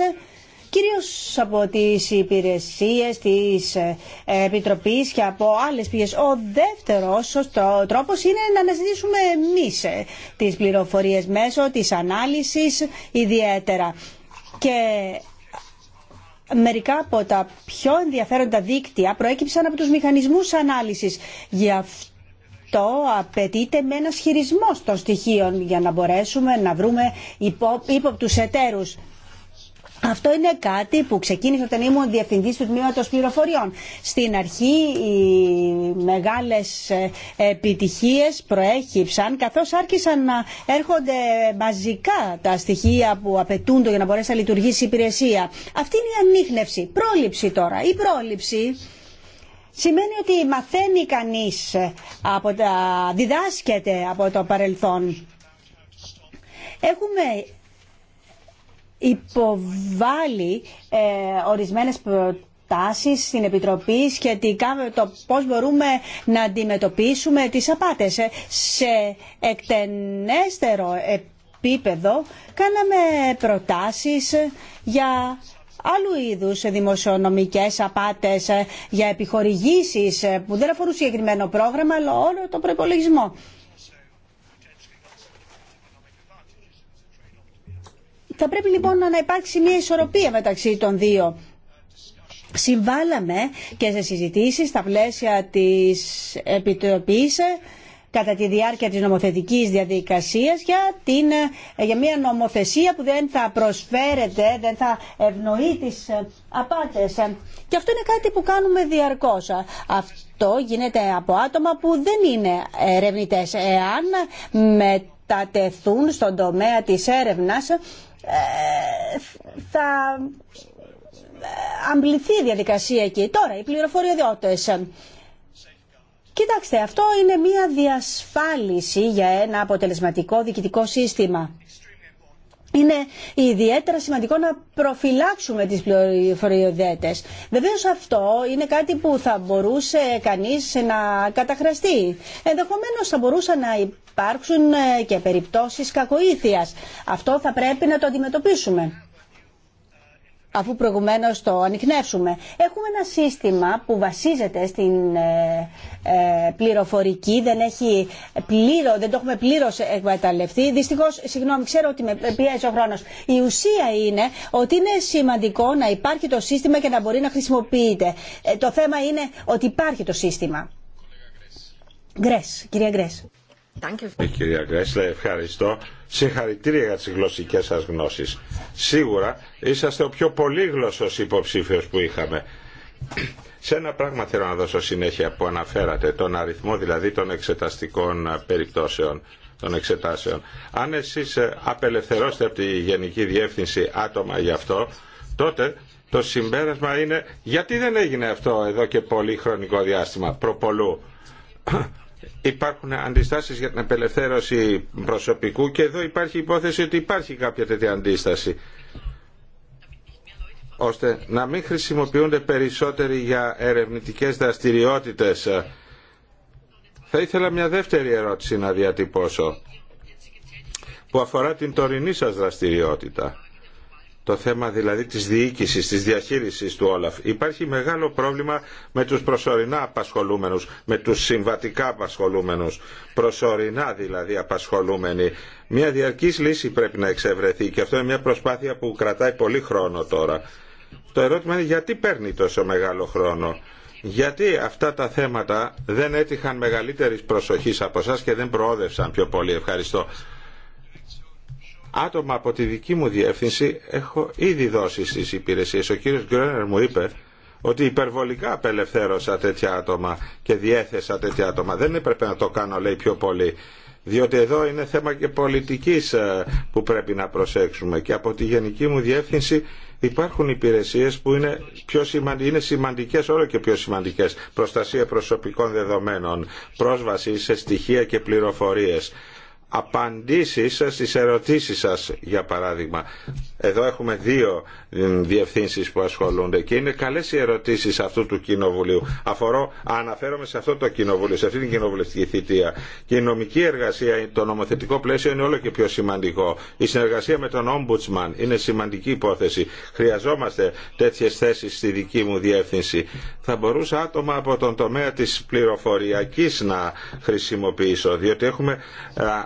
κυρίως από τις υπηρεσίες της ε, Επιτροπής και από άλλες πηγές. Ο δεύτερος τρόπο είναι να αναζητήσουμε εμεί ε, τις πληροφορίες μέσω της ανάλυσης ιδιαίτερα. Και μερικά από τα πιο ενδιαφέροντα δίκτυα προέκυψαν από τους μηχανισμούς ανάλυσης. Γι' αυτό αυτό απαιτείται με ένα χειρισμό των στοιχείων για να μπορέσουμε να βρούμε ύποπτους εταίρους. Αυτό είναι κάτι που ξεκίνησε όταν ήμουν διευθυντής του Τμήματος Πληροφοριών. Στην αρχή οι μεγάλες ε, επιτυχίες προέκυψαν καθώς άρχισαν να έρχονται μαζικά τα στοιχεία που απαιτούνται για να μπορέσει να λειτουργήσει η υπηρεσία. Αυτή είναι η ανείχνευση. Πρόληψη τώρα. Η πρόληψη σημαίνει ότι μαθαίνει κανείς, ε, από τα, διδάσκεται από το παρελθόν. Έχουμε υποβάλει ε, ορισμένες προτάσεις στην Επιτροπή σχετικά με το πώς μπορούμε να αντιμετωπίσουμε τις απάτες. Ε, σε εκτενέστερο επίπεδο κάναμε προτάσεις για άλλου είδου δημοσιονομικέ απάτες ε, για επιχορηγήσεις ε, που δεν αφορούν συγκεκριμένο πρόγραμμα αλλά όλο τον προπολογισμό. Θα πρέπει λοιπόν να υπάρξει μια ισορροπία μεταξύ των δύο. Συμβάλαμε και σε συζητήσεις στα πλαίσια της Επιτροπής ε, κατά τη διάρκεια της νομοθετικής διαδικασίας για, την, ε, για μια νομοθεσία που δεν θα προσφέρεται, δεν θα ευνοεί τις ε, απάτες. Και αυτό είναι κάτι που κάνουμε διαρκώς. Αυτό γίνεται από άτομα που δεν είναι ερευνητέ. Εάν μετατεθούν στον τομέα της έρευνας, ε, θα αμπληθεί η διαδικασία εκεί. Τώρα, οι πληροφοριοδιώτες Κοιτάξτε, αυτό είναι μία διασφάλιση για ένα αποτελεσματικό διοικητικό σύστημα. Είναι ιδιαίτερα σημαντικό να προφυλάξουμε τις πληροφοριοδέτες. Βεβαίως αυτό είναι κάτι που θα μπορούσε κανείς να καταχραστεί. Ενδεχομένως θα μπορούσαν να υπάρξουν ε, και περιπτώσεις κακοήθειας. Αυτό θα πρέπει να το αντιμετωπίσουμε αφού προηγουμένως το ανοιχνεύσουμε. Έχουμε ένα σύστημα που βασίζεται στην ε, ε πληροφορική, δεν, έχει δεν το έχουμε πλήρως εκμεταλλευτεί. Δυστυχώς, συγγνώμη, ξέρω ότι με πιέζει ο χρόνος. Η ουσία είναι ότι είναι σημαντικό να υπάρχει το σύστημα και να μπορεί να χρησιμοποιείται. Ε, το θέμα είναι ότι υπάρχει το σύστημα. κυρία ε, κυρία Γκρέσλε, ευχαριστώ. Συγχαρητήρια για τι γλωσσικέ σα γνώσει. Σίγουρα είσαστε ο πιο πολύγλωσσος υποψήφιο που είχαμε. Σε ένα πράγμα θέλω να δώσω συνέχεια που αναφέρατε, τον αριθμό δηλαδή των εξεταστικών ε, περιπτώσεων των εξετάσεων. Αν εσεί ε, απελευθερώσετε από τη Γενική Διεύθυνση άτομα γι' αυτό, τότε το συμπέρασμα είναι γιατί δεν έγινε αυτό εδώ και πολύ χρονικό διάστημα προπολού υπάρχουν αντιστασει για την απελευθέρωση προσωπικού και εδώ υπάρχει υπόθεση ότι υπάρχει κάποια τέτοια αντίσταση ώστε να μην χρησιμοποιούνται περισσότεροι για ερευνητικές δραστηριότητες. Θα ήθελα μια δεύτερη ερώτηση να διατυπώσω που αφορά την τωρινή σας δραστηριότητα το θέμα δηλαδή της διοίκησης, της διαχείρισης του Όλαφ. Υπάρχει μεγάλο πρόβλημα με τους προσωρινά απασχολούμενους, με τους συμβατικά απασχολούμενους, προσωρινά δηλαδή απασχολούμενοι. Μια διαρκής λύση πρέπει να εξευρεθεί και αυτό είναι μια προσπάθεια που κρατάει πολύ χρόνο τώρα. Το ερώτημα είναι γιατί παίρνει τόσο μεγάλο χρόνο. Γιατί αυτά τα θέματα δεν έτυχαν μεγαλύτερης προσοχής από εσά και δεν προόδευσαν πιο πολύ. Ευχαριστώ άτομα από τη δική μου διεύθυνση έχω ήδη δώσει στι υπηρεσίε. Ο κύριο Γκρένερ μου είπε ότι υπερβολικά απελευθέρωσα τέτοια άτομα και διέθεσα τέτοια άτομα. Δεν έπρεπε να το κάνω, λέει, πιο πολύ. Διότι εδώ είναι θέμα και πολιτικής ε, που πρέπει να προσέξουμε. Και από τη γενική μου διεύθυνση υπάρχουν υπηρεσίες που είναι, πιο είναι σημαντικές, όλο και πιο σημαντικές. Προστασία προσωπικών δεδομένων, πρόσβαση σε στοιχεία και πληροφορίες απαντήσεις σας στις ερωτήσεις σας για παράδειγμα εδώ έχουμε δύο διευθύνσει που ασχολούνται και είναι καλέ οι ερωτήσει αυτού του Κοινοβουλίου. Αφορώ, αναφέρομαι σε αυτό το Κοινοβούλιο, σε αυτή την κοινοβουλευτική θητεία. Και η νομική εργασία, το νομοθετικό πλαίσιο είναι όλο και πιο σημαντικό. Η συνεργασία με τον Ombudsman είναι σημαντική υπόθεση. Χρειαζόμαστε τέτοιε θέσει στη δική μου διεύθυνση. Θα μπορούσα άτομα από τον τομέα τη πληροφοριακή να χρησιμοποιήσω, διότι έχουμε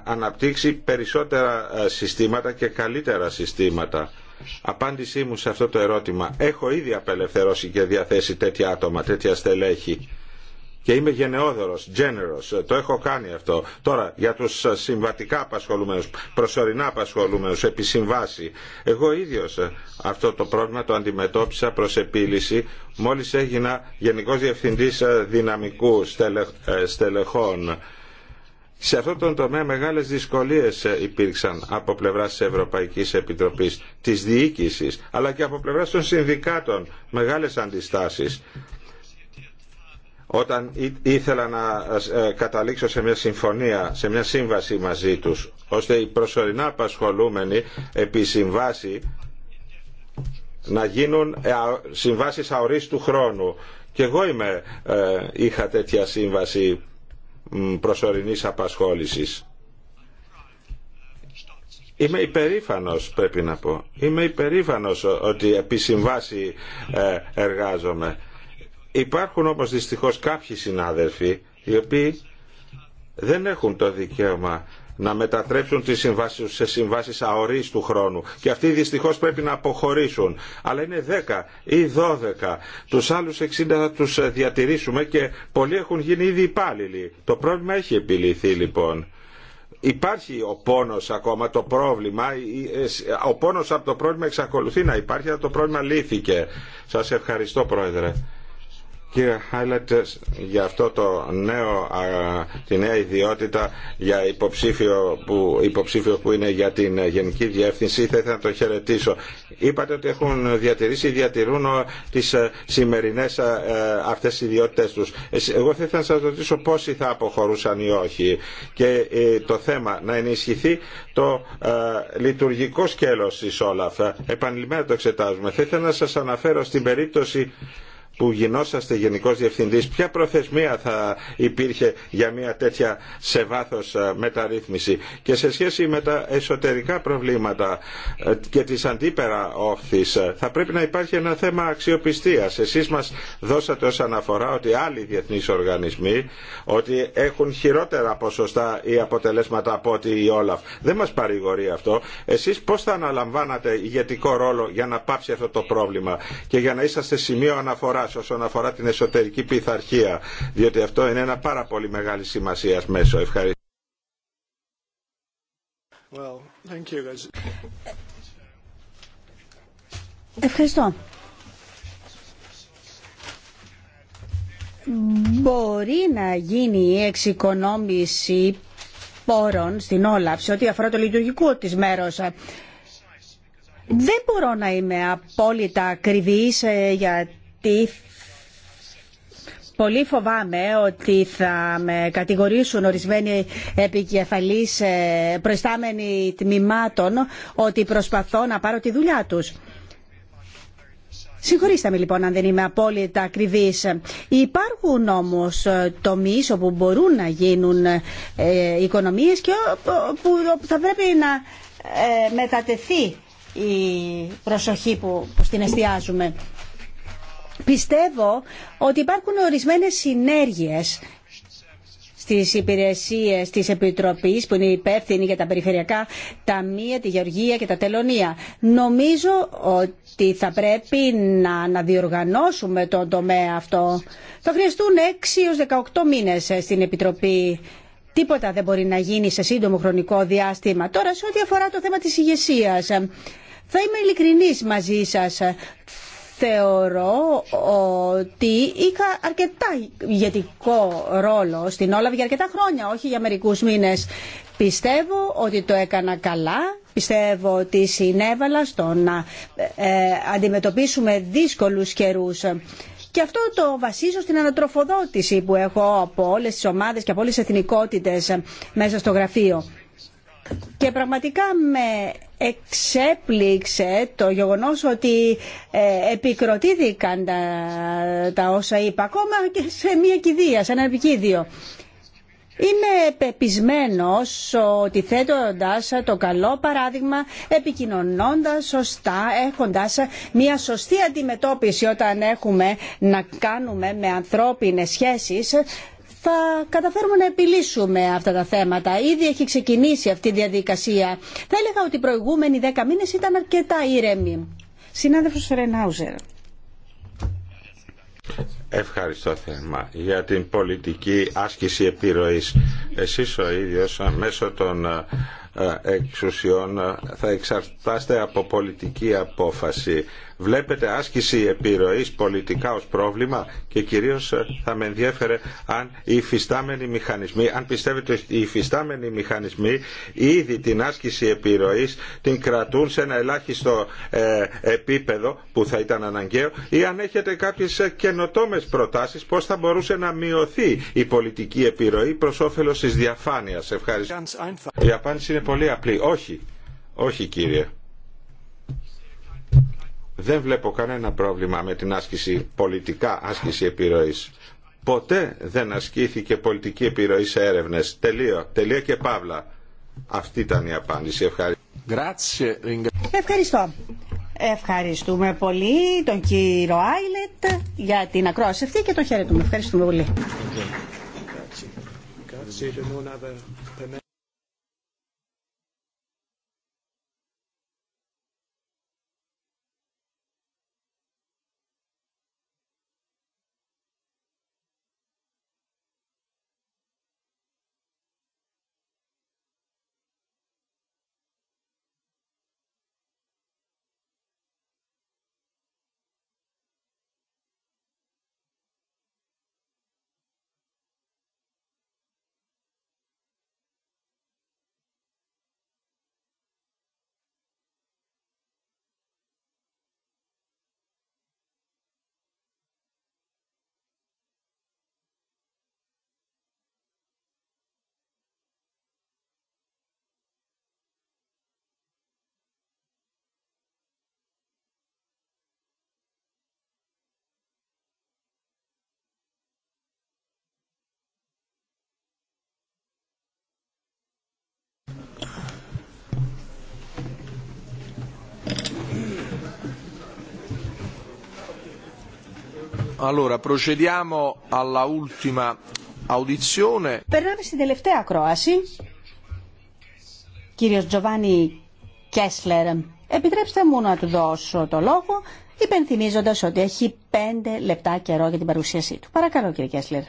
αναπτύξει περισσότερα συστήματα και καλύτερα συστήματα Απάντησή μου σε αυτό το ερώτημα. Έχω ήδη απελευθερώσει και διαθέσει τέτοια άτομα, τέτοια στελέχη. Και είμαι γενναιόδωρο, generous, το έχω κάνει αυτό. Τώρα, για τους συμβατικά απασχολούμενου, προσωρινά απασχολούμενους, επισυμβάσει. Εγώ ίδιο αυτό το πρόβλημα το αντιμετώπισα προ επίλυση μόλις έγινα Γενικός διευθυντή Δυναμικού ε, Στελεχών σε αυτόν τον τομέα μεγάλες δυσκολίες ε, υπήρξαν από πλευράς της Ευρωπαϊκής Επιτροπής, της διοίκησης, αλλά και από πλευράς των συνδικάτων, μεγάλες αντιστάσεις. Όταν ήθελα να ε, καταλήξω σε μια συμφωνία, σε μια σύμβαση μαζί τους, ώστε οι προσωρινά απασχολούμενοι επί συμβάση να γίνουν ε, συμβάσεις αορίστου χρόνου. Και εγώ είμαι, είχα τέτοια σύμβαση προσωρινής απασχόλησης. Είμαι υπερήφανος πρέπει να πω. Είμαι υπερήφανος ότι επί συμβάση ε, εργάζομαι. Υπάρχουν όμως δυστυχώς κάποιοι συνάδελφοι οι οποίοι δεν έχουν το δικαίωμα να μετατρέψουν τις συμβάσεις σε συμβάσεις αορίστου χρόνου. Και αυτοί δυστυχώς πρέπει να αποχωρήσουν. Αλλά είναι 10 ή 12. Τους άλλους 60 θα τους ε, διατηρήσουμε και πολλοί έχουν γίνει ήδη υπάλληλοι. Το πρόβλημα έχει επιληθεί λοιπόν. Υπάρχει ο πόνος ακόμα, το πρόβλημα, ε, ε, ο πόνος από το πρόβλημα εξακολουθεί να υπάρχει, αλλά το πρόβλημα λύθηκε. Σας ευχαριστώ Πρόεδρε. Κύριε Χάιλετ, για αυτό το νέο, τη νέα ιδιότητα για υποψήφιο που, υποψήφιο που είναι για την Γενική Διεύθυνση, θα ήθελα να το χαιρετήσω. Είπατε ότι έχουν διατηρήσει ή διατηρούν ε, τις ε, σημερινές ε, αυτές οι ιδιότητες τους. Εγώ θα ήθελα να σας ρωτήσω πόσοι θα αποχωρούσαν ή όχι. Και το θέμα να ενισχυθεί το λειτουργικό σκέλος της όλα Επανειλημμένα το εξετάζουμε. Θα ήθελα να σας αναφέρω στην περίπτωση που γινόσαστε γενικό διευθυντή, ποια προθεσμία θα υπήρχε για μια τέτοια σε βάθο ε, μεταρρύθμιση και σε σχέση με τα εσωτερικά προβλήματα ε, και τις αντίπερα όχθη, ε, θα πρέπει να υπάρχει ένα θέμα αξιοπιστία. Εσεί μα δώσατε ω αναφορά ότι άλλοι διεθνείς οργανισμοί ότι έχουν χειρότερα ποσοστά ή αποτελέσματα από ότι η Όλαφ. Δεν μα παρηγορεί αυτό. Εσεί πώ θα αναλαμβάνατε ηγετικό ρόλο για να πάψει αυτό το πρόβλημα και για να είσαστε σημείο αναφορά όσον αφορά την εσωτερική πειθαρχία, διότι αυτό είναι ένα πάρα πολύ μεγάλη σημασία μέσο. Ευχαριστώ. Well, thank you guys. Ευχαριστώ. Μπορεί να γίνει η εξοικονόμηση πόρων στην όλαψη ό,τι αφορά το λειτουργικό της μέρος. Δεν μπορώ να είμαι απόλυτα ακριβής ε, για γιατί πολύ φοβάμαι ότι θα με κατηγορήσουν ορισμένοι επικεφαλής ε, προϊστάμενοι τμήματων ότι προσπαθώ να πάρω τη δουλειά τους. Συγχωρήστε με λοιπόν αν δεν είμαι απόλυτα ακριβής. Υπάρχουν όμως ε, τομείς όπου μπορούν να γίνουν ε, οικονομίες και όπου θα πρέπει να μετατεθεί η προσοχή που, που στην εστιάζουμε. Πιστεύω ότι υπάρχουν ορισμένες συνέργειες στις υπηρεσίες της Επιτροπής που είναι υπεύθυνη για τα περιφερειακά ταμεία, τη γεωργία και τα τελωνία. Νομίζω ότι θα πρέπει να, αναδιοργανώσουμε διοργανώσουμε τον τομέα αυτό. Θα χρειαστούν 6 18 μήνες ε, στην Επιτροπή. Τίποτα δεν μπορεί να γίνει σε σύντομο χρονικό διάστημα. Τώρα σε ό,τι αφορά το θέμα της ηγεσία. Ε, θα είμαι ειλικρινής μαζί σας θεωρώ ότι είχα αρκετά ηγετικό ρόλο στην Όλαβη για αρκετά χρόνια, όχι για μερικούς μήνες. Πιστεύω ότι το έκανα καλά, πιστεύω ότι συνέβαλα στο να ε, αντιμετωπίσουμε δύσκολους καιρούς. Και αυτό το βασίζω στην ανατροφοδότηση που έχω από όλες τις ομάδες και από όλες τις εθνικότητες μέσα στο γραφείο. Και πραγματικά με εξέπληξε το γεγονός ότι ε, επικροτήθηκαν τα, όσα είπα ακόμα και σε μια κηδεία, σε ένα επικίδιο. Είμαι πεπισμένος ότι θέτοντας το καλό παράδειγμα, επικοινωνώντας σωστά, έχοντας μια σωστή αντιμετώπιση όταν έχουμε να κάνουμε με ανθρώπινες σχέσεις, θα καταφέρουμε να επιλύσουμε αυτά τα θέματα. Ήδη έχει ξεκινήσει αυτή η διαδικασία. Θα έλεγα ότι οι προηγούμενοι δέκα μήνες ήταν αρκετά ήρεμοι. Συνάδελφος Ρενάουζερ. Ευχαριστώ Θέμα, για την πολιτική άσκηση επιρροής. Εσείς ο ίδιος μέσω των ε, εξουσιών θα εξαρτάστε από πολιτική απόφαση Βλέπετε άσκηση επιρροής πολιτικά ως πρόβλημα και κυρίως ε, θα με ενδιέφερε αν οι υφιστάμενοι μηχανισμοί, αν πιστεύετε ότι οι υφιστάμενοι μηχανισμοί ήδη την άσκηση επιρροής την κρατούν σε ένα ελάχιστο ε, επίπεδο που θα ήταν αναγκαίο ή αν έχετε κάποιες ε, καινοτόμες προτάσεις πώς θα μπορούσε να μειωθεί η πολιτική επιρροή προς όφελος της διαφάνειας. Ευχαριστώ. Η απάντηση είναι διαφανειας απλή. Όχι. Όχι κύριε δεν βλέπω κανένα πρόβλημα με την άσκηση πολιτικά άσκηση επιρροής. Ποτέ δεν ασκήθηκε πολιτική επιρροή σε έρευνες. Τελείο. Τελείο και παύλα. Αυτή ήταν η απάντηση. Ευχαριστώ. Ευχαριστώ. Ευχαριστούμε πολύ τον κύριο Άιλετ για την ακρόαση αυτή και τον χαιρετούμε. Ευχαριστούμε πολύ. Allora, procediamo alla ultima audizione. Περνάμε στην τελευταία ακρόαση. κύριο Τζοβάνι Κέσλερ, επιτρέψτε μου να του δώσω το λόγο, υπενθυμίζοντας ότι έχει πέντε λεπτά καιρό για την παρουσίασή του. Παρακαλώ κύριε Κέσλερ.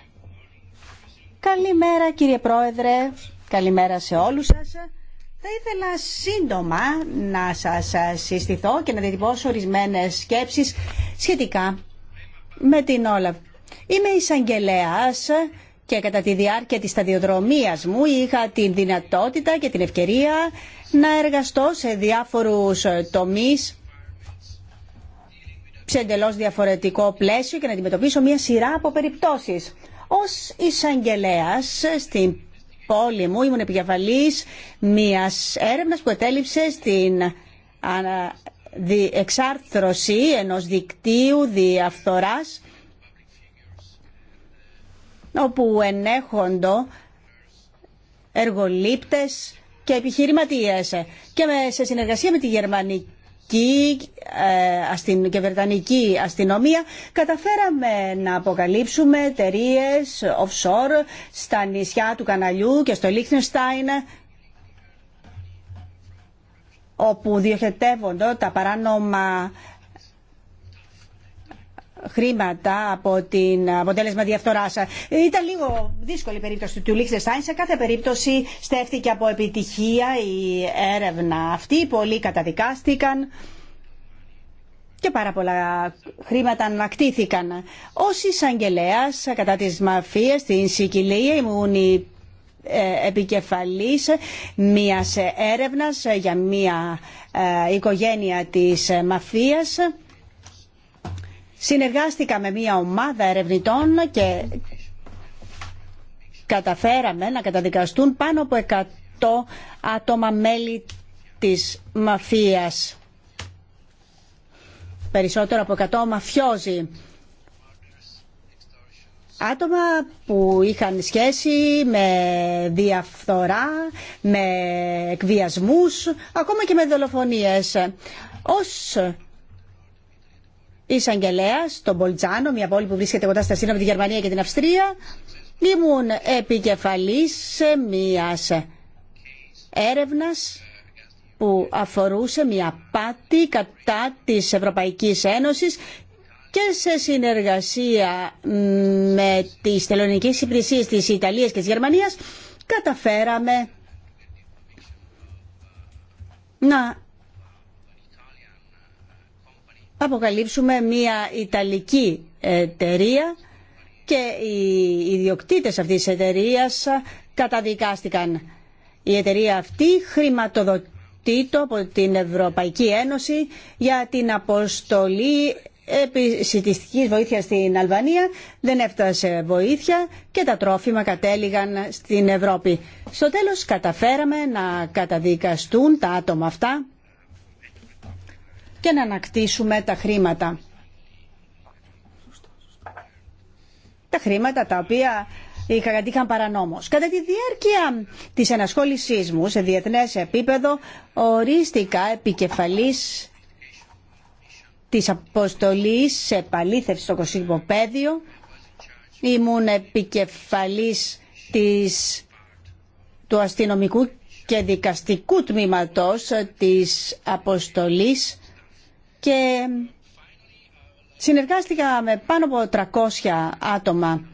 Καλημέρα κύριε Πρόεδρε, καλημέρα σε όλους σας. Θα ήθελα σύντομα να σας συστηθώ και να διατυπώσω ορισμένες σκέψεις σχετικά με την όλα. Είμαι εισαγγελέα και κατά τη διάρκεια της σταδιοδρομίας μου είχα την δυνατότητα και την ευκαιρία να εργαστώ σε διάφορους τομείς σε εντελώ διαφορετικό πλαίσιο και να αντιμετωπίσω μια σειρά από περιπτώσεις. Ως εισαγγελέα στην πόλη μου ήμουν επικεφαλής μιας έρευνας που ετέλειψε στην εξάρθρωση ενός δικτύου διαφθοράς όπου ενέχονται εργολήπτες και επιχειρηματίες και σε συνεργασία με τη γερμανική ε, και βρετανική αστυνομία καταφέραμε να αποκαλύψουμε εταιρείε offshore στα νησιά του Καναλιού και στο Λίχνεστάιν όπου διοχετεύονται τα παράνομα χρήματα από την αποτέλεσμα διαφθοράς. Ήταν λίγο δύσκολη η περίπτωση του Λίξτεστάιν. Σε κάθε περίπτωση στέφθηκε από επιτυχία η έρευνα αυτή. Πολλοί καταδικάστηκαν και πάρα πολλά χρήματα ανακτήθηκαν. Ως εισαγγελέας κατά τις μαφίες στην Σικηλία ήμουν ε, επικεφαλής μιας έρευνας για μια ε, οικογένεια της μαφίας. Συνεργάστηκα με μια ομάδα ερευνητών και καταφέραμε να καταδικαστούν πάνω από 100 άτομα μέλη της μαφίας. Περισσότερο από 100 μαφιόζοι άτομα που είχαν σχέση με διαφθορά, με εκβιασμούς, ακόμα και με δολοφονίες. Ως εισαγγελέα στο Μπολτζάνο, μια πόλη που βρίσκεται κοντά στα σύνορα με τη Γερμανία και την Αυστρία, ήμουν επικεφαλής μιας έρευνας που αφορούσε μια πάτη κατά της Ευρωπαϊκής Ένωσης και σε συνεργασία με τις τελωνικές υπηρεσίες της Ιταλίας και της Γερμανίας καταφέραμε να αποκαλύψουμε μια Ιταλική εταιρεία και οι ιδιοκτήτες αυτής της εταιρείας καταδικάστηκαν. Η εταιρεία αυτή χρηματοδοτείται από την Ευρωπαϊκή Ένωση για την αποστολή επισητιστική βοήθεια στην Αλβανία, δεν έφτασε βοήθεια και τα τρόφιμα κατέληγαν στην Ευρώπη. Στο τέλος καταφέραμε να καταδικαστούν τα άτομα αυτά και να ανακτήσουμε τα χρήματα. Τα χρήματα τα οποία είχαν παρανόμως. Κατά τη διάρκεια της ενασχόλησής μου σε διεθνές επίπεδο ορίστηκα επικεφαλής της αποστολής σε παλήθευση στο πέδιο. Ήμουν επικεφαλής της, του αστυνομικού και δικαστικού τμήματος της αποστολής και συνεργάστηκα με πάνω από 300 άτομα.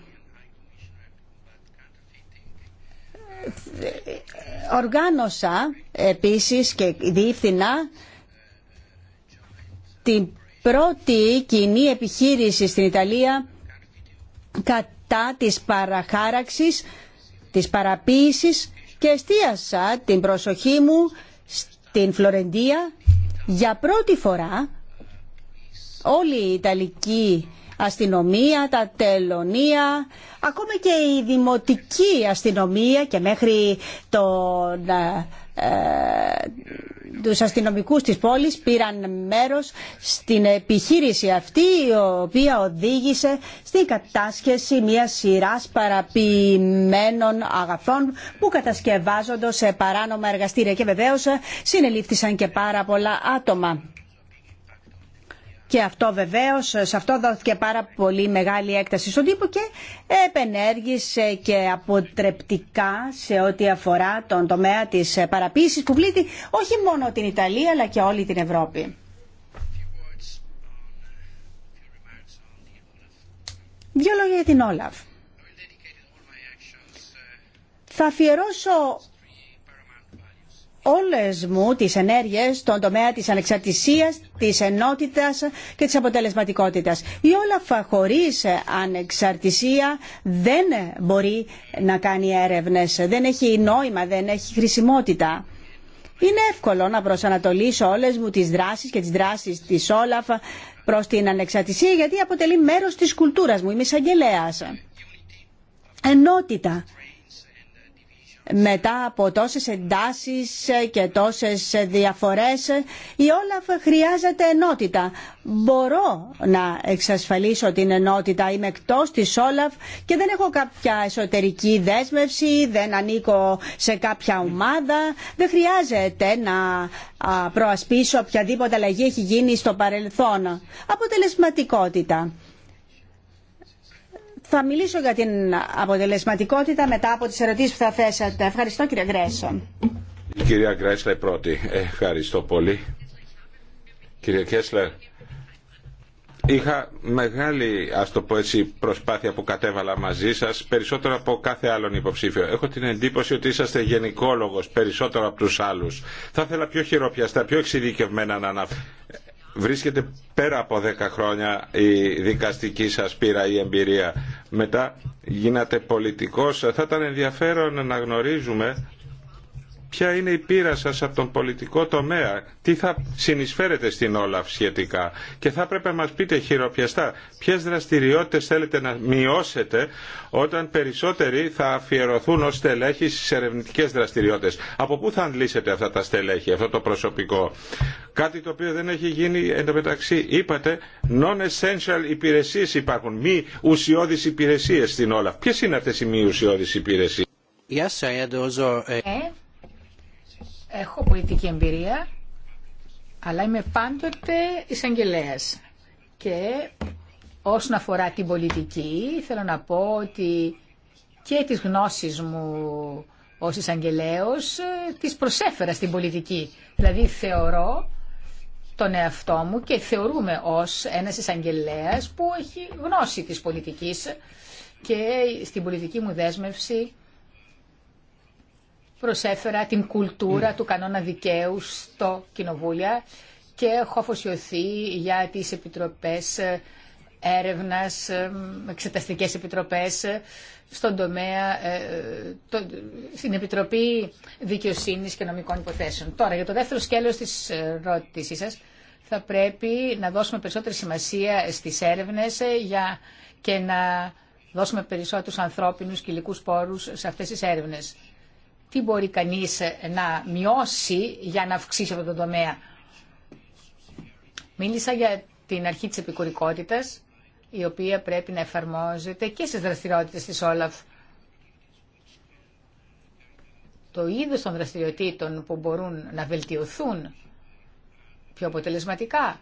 Οργάνωσα επίσης και διεύθυνα την πρώτη κοινή επιχείρηση στην Ιταλία κατά της παραχάραξης, της παραποίησης και εστίασα την προσοχή μου στην Φλωρεντία για πρώτη φορά όλη η Ιταλική αστυνομία, τα τελωνία, ακόμα και η δημοτική αστυνομία και μέχρι τον ε, ε, τους αστυνομικούς της πόλης πήραν μέρος στην επιχείρηση αυτή η οποία οδήγησε στην κατάσχεση μιας σειράς παραποιημένων αγαθών που κατασκευάζονται σε παράνομα εργαστήρια και βεβαίως συνελήφθησαν και πάρα πολλά άτομα. Και αυτό βεβαίω, σε αυτό δόθηκε πάρα πολύ μεγάλη έκταση στον τύπο και επενέργησε και αποτρεπτικά σε ό,τι αφορά τον τομέα της παραποίηση που πλήττει όχι μόνο την Ιταλία αλλά και όλη την Ευρώπη. Δύο λόγια για την Όλαφ. Θα αφιερώσω όλες μου τις ενέργειες στον τομέα της ανεξαρτησίας, της ενότητας και της αποτελεσματικότητας. Η Όλαφα χωρίς ανεξαρτησία δεν μπορεί να κάνει έρευνες, δεν έχει νόημα, δεν έχει χρησιμότητα. Είναι εύκολο να προσανατολίσω όλες μου τις δράσεις και τις δράσεις της Όλαφα προς την ανεξαρτησία γιατί αποτελεί μέρος της κουλτούρας μου, είμαι εισαγγελέα. Ενότητα μετά από τόσες εντάσεις και τόσες διαφορές η Όλαφ χρειάζεται ενότητα. Μπορώ να εξασφαλίσω την ενότητα, είμαι εκτός της Όλαφ και δεν έχω κάποια εσωτερική δέσμευση, δεν ανήκω σε κάποια ομάδα, δεν χρειάζεται να προασπίσω οποιαδήποτε αλλαγή έχει γίνει στο παρελθόν. Αποτελεσματικότητα. Θα μιλήσω για την αποτελεσματικότητα μετά από τις ερωτήσεις που θα θέσατε. Ευχαριστώ κύριε Γκρέσον. Κυρία Γκρέσλε πρώτη. Ευχαριστώ πολύ. Κύριε Κέσλερ, είχα μεγάλη, ας το πω προσπάθεια που κατέβαλα μαζί σας, περισσότερο από κάθε άλλον υποψήφιο. Έχω την εντύπωση ότι είσαστε γενικόλογος περισσότερο από τους άλλους. Θα ήθελα πιο χειροπιαστά, πιο εξειδικευμένα να αναφέρω. Βρίσκεται πέρα από δέκα χρόνια η δικαστική σας πείρα, η εμπειρία μετά γίνατε πολιτικός. Θα ήταν ενδιαφέρον να γνωρίζουμε ποια είναι η πείρα σας από τον πολιτικό τομέα, τι θα συνεισφέρετε στην Όλαφ σχετικά και θα πρέπει να μας πείτε χειροπιαστά ποιες δραστηριότητες θέλετε να μειώσετε όταν περισσότεροι θα αφιερωθούν ως στελέχη στις ερευνητικές δραστηριότητες. Από πού θα αντλήσετε αυτά τα στελέχη, αυτό το προσωπικό. Κάτι το οποίο δεν έχει γίνει εν τω μεταξύ είπατε non-essential υπηρεσίες υπάρχουν, μη ουσιώδεις υπηρεσίες στην Όλαφ. Ποιε είναι αυτές οι μη ουσιώδεις υπηρεσίες. Ε, ε, Έχω πολιτική εμπειρία, αλλά είμαι πάντοτε εισαγγελέα. Και όσον αφορά την πολιτική, θέλω να πω ότι και τις γνώσεις μου ως εισαγγελέο ε, τις προσέφερα στην πολιτική. Δηλαδή θεωρώ τον εαυτό μου και θεωρούμε ως ένας εισαγγελέα που έχει γνώση της πολιτικής και στην πολιτική μου δέσμευση προσέφερα την κουλτούρα mm. του κανόνα δικαίου στο κοινοβούλια και έχω αφοσιωθεί για τις επιτροπές ε, έρευνας, ε, εξεταστικές επιτροπές ε, στον τομέα, το, στην Επιτροπή Δικαιοσύνης και Νομικών Υποθέσεων. Τώρα, για το δεύτερο σκέλος της ερώτησή σας, θα πρέπει να δώσουμε περισσότερη σημασία στις έρευνες για, και να δώσουμε περισσότερους ανθρώπινους και πόρους σε αυτές τις έρευνες τι μπορεί κανείς να μειώσει για να αυξήσει αυτό το τομέα. Μίλησα για την αρχή της επικουρικότητας, η οποία πρέπει να εφαρμόζεται και στις δραστηριότητες της Όλαφ. Το είδος των δραστηριοτήτων που μπορούν να βελτιωθούν πιο αποτελεσματικά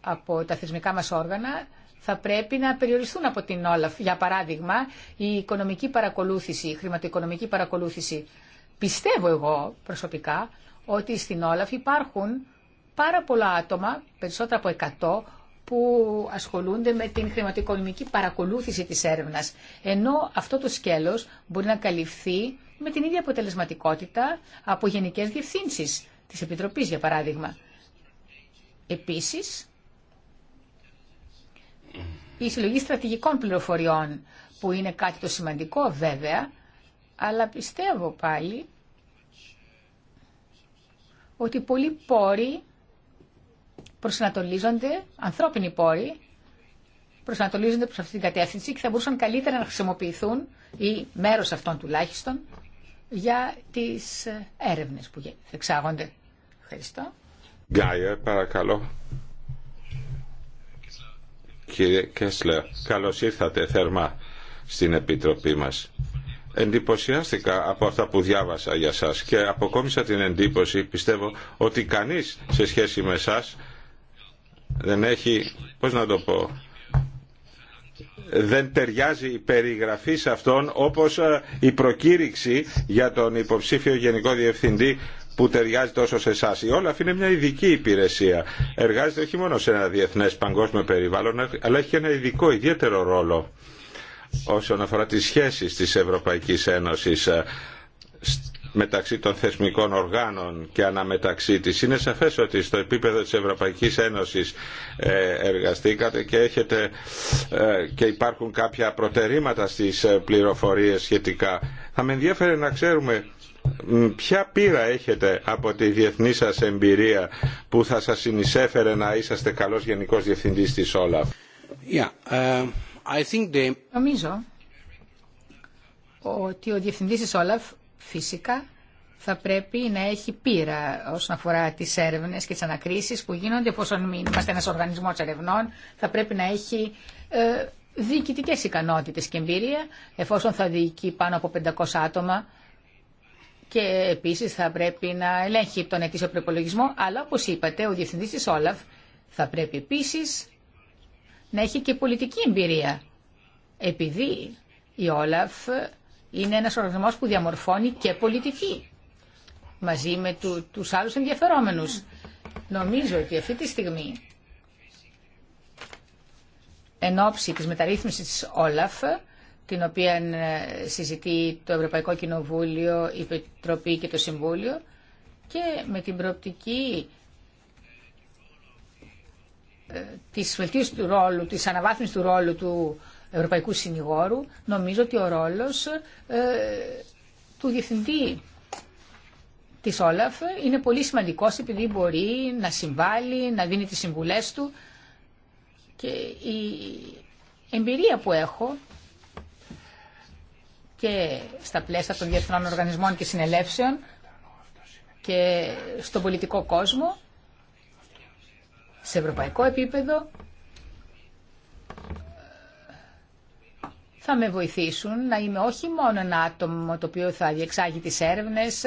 από τα θεσμικά μας όργανα θα πρέπει να περιοριστούν από την Όλαφ. Για παράδειγμα, η οικονομική παρακολούθηση, η χρηματοοικονομική παρακολούθηση. Πιστεύω εγώ προσωπικά ότι στην Όλαφ υπάρχουν πάρα πολλά άτομα, περισσότερα από 100, που ασχολούνται με την χρηματοοικονομική παρακολούθηση της έρευνας. Ενώ αυτό το σκέλος μπορεί να καλυφθεί με την ίδια αποτελεσματικότητα από γενικές διευθύνσεις της Επιτροπής, για παράδειγμα. Επίσης, η συλλογή στρατηγικών πληροφοριών, που είναι κάτι το σημαντικό βέβαια, αλλά πιστεύω πάλι ότι πολλοί πόροι προσανατολίζονται, ανθρώπινοι πόροι, προσανατολίζονται προς αυτήν την κατεύθυνση και θα μπορούσαν καλύτερα να χρησιμοποιηθούν ή μέρος αυτών τουλάχιστον για τις έρευνες που εξάγονται. Ευχαριστώ. Γκάιε, παρακαλώ. Κύριε Κέσλερ, καλώς ήρθατε θερμά στην Επιτροπή μας. Εντυπωσιάστηκα από αυτά που διάβασα για σας και αποκόμισα την εντύπωση, πιστεύω, ότι κανείς σε σχέση με σας δεν έχει, πώς να το πω, δεν ταιριάζει η περιγραφή σε αυτόν όπως ε, η προκήρυξη για τον υποψήφιο Γενικό Διευθυντή που ταιριάζει τόσο σε εσά. Η Όλαφ είναι μια ειδική υπηρεσία. Εργάζεται όχι μόνο σε ένα διεθνέ παγκόσμιο περιβάλλον, αλλά έχει και ένα ειδικό, ιδιαίτερο ρόλο όσον αφορά τις σχέσεις της Ευρωπαϊκής Ένωσης ε, μεταξύ των θεσμικών οργάνων και αναμεταξύ της. Είναι σαφές ότι στο επίπεδο της Ευρωπαϊκής Ένωσης ε, εργαστήκατε και, έχετε, ε, και υπάρχουν κάποια προτερήματα στις πληροφορίες σχετικά. Θα με ενδιαφέρει να ξέρουμε ποια πείρα έχετε από τη διεθνή σας εμπειρία που θα σας συνεισέφερε να είσαστε καλό γενικός διευθυντής της Όλαφ. Yeah, uh, I think they... Νομίζω ότι ο διευθυντής τη Όλαφ φυσικά θα πρέπει να έχει πείρα όσον αφορά τις έρευνες και τις ανακρίσεις που γίνονται, εφόσον είμαστε ένας οργανισμός ερευνών, θα πρέπει να έχει ε, διοικητικές ικανότητες και εμπειρία, εφόσον θα διοικεί πάνω από 500 άτομα και επίσης θα πρέπει να ελέγχει τον ετήσιο προπολογισμό, αλλά όπως είπατε ο Διευθυντής τη Όλαφ θα πρέπει επίσης να έχει και πολιτική εμπειρία, επειδή η Όλαφ είναι ένας οργανισμό που διαμορφώνει και πολιτική, μαζί με του, τους άλλους ενδιαφερόμενους. Νομίζω ότι αυτή τη στιγμή, εν ώψη της μεταρρύθμισης της Όλαφ, την οποία ε, συζητεί το Ευρωπαϊκό Κοινοβούλιο, η Επιτροπή και το Συμβούλιο και με την προοπτική ε, της βελτίωσης του ρόλου, της αναβάθμισης του ρόλου του Ευρωπαϊκού Συνηγόρου, νομίζω ότι ο ρόλος ε, του Διευθυντή της Όλαφ είναι πολύ σημαντικός επειδή μπορεί να συμβάλλει, να δίνει τις συμβουλές του και η εμπειρία που έχω και στα πλαίσια των διεθνών οργανισμών και συνελεύσεων και στον πολιτικό κόσμο, σε ευρωπαϊκό επίπεδο, θα με βοηθήσουν να είμαι όχι μόνο ένα άτομο το οποίο θα διεξάγει τις έρευνες,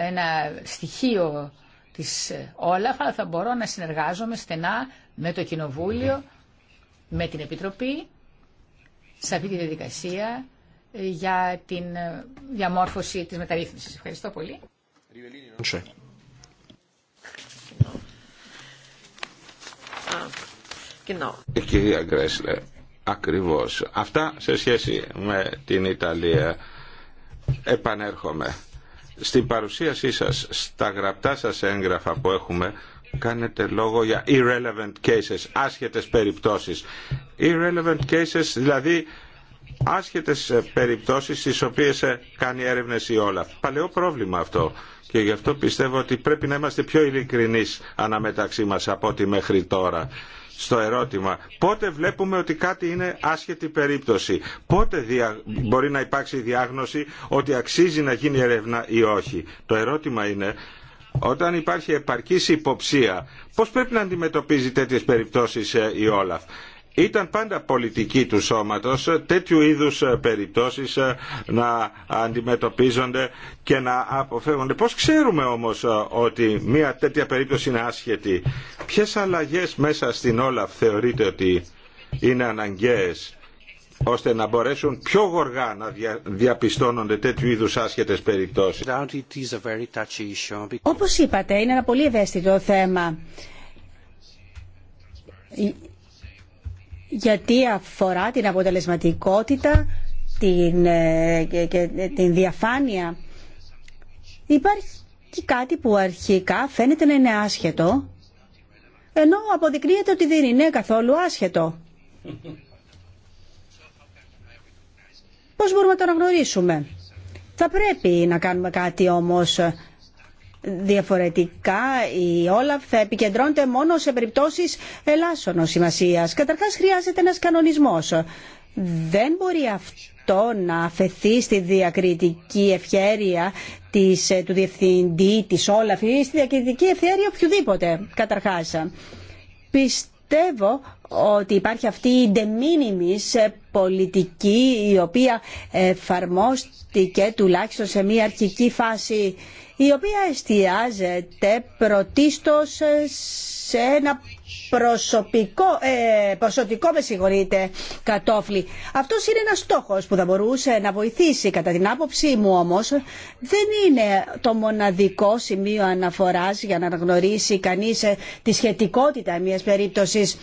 ένα στοιχείο της όλα αλλά θα μπορώ να συνεργάζομαι στενά με το Κοινοβούλιο, με την Επιτροπή, σε αυτή τη διαδικασία για την ε, διαμόρφωση της μεταρρύθμισης. Ευχαριστώ πολύ. Ε, κυρία Γκρέσλε, ακριβώς. Αυτά σε σχέση με την Ιταλία. Επανέρχομαι. Στην παρουσίασή σας, στα γραπτά σας έγγραφα που έχουμε, κάνετε λόγο για irrelevant cases, άσχετες περιπτώσεις. Irrelevant cases, δηλαδή άσχετες ε, περιπτώσεις στις οποίες ε, κάνει έρευνες η Όλαφ. Παλαιό πρόβλημα αυτό και γι' αυτό πιστεύω ότι πρέπει να είμαστε πιο ειλικρινείς αναμεταξύ μας από ό,τι μέχρι τώρα στο ερώτημα πότε βλέπουμε ότι κάτι είναι άσχετη περίπτωση πότε δια... μπορεί να υπάρξει διάγνωση ότι αξίζει να γίνει έρευνα ή όχι το ερώτημα είναι όταν υπάρχει επαρκής υποψία πώς πρέπει να αντιμετωπίζει τέτοιες περιπτώσεις ε, η Όλαφ ήταν πάντα πολιτική του σώματος τέτοιου είδους περιπτώσεις ε, να αντιμετωπίζονται και να αποφεύγονται. Πώς ξέρουμε όμως ε, ότι μια τέτοια περίπτωση είναι άσχετη. Ποιες αλλαγές μέσα στην όλα θεωρείτε ότι είναι αναγκαίες ώστε να μπορέσουν πιο γοργά να διαπιστώνονται τέτοιου είδους άσχετες περιπτώσεις. Όπως είπατε, είναι ένα πολύ ευαίσθητο θέμα γιατί αφορά την αποτελεσματικότητα την, ε, και ε, την διαφάνεια. Υπάρχει κάτι που αρχικά φαίνεται να είναι άσχετο, ενώ αποδεικνύεται ότι δεν είναι καθόλου άσχετο. Πώς μπορούμε να το αναγνωρίσουμε. Θα πρέπει να κάνουμε κάτι όμως Διαφορετικά η Όλαφ θα επικεντρώνεται μόνο σε περιπτώσεις ελάσσονος σημασίας. Καταρχάς χρειάζεται ένας κανονισμός. Δεν μπορεί αυτό να αφαιθεί στη διακριτική ευχέρεια της, ε, του διευθυντή της Όλαφ ή στη διακριτική ευχέρεια οποιοδήποτε καταρχάς. Πιστεύω ότι υπάρχει αυτή η de πολιτική η οποία εφαρμόστηκε τουλάχιστον σε μια αρχική φάση η οποία εστιάζεται πρωτίστως σε ένα προσωπικό, ε, ποσοτικό με κατόφλι. Αυτός είναι ένας στόχος που θα μπορούσε να βοηθήσει. Κατά την άποψή μου όμως δεν είναι το μοναδικό σημείο αναφοράς για να αναγνωρίσει κανείς ε, τη σχετικότητα μιας περίπτωσης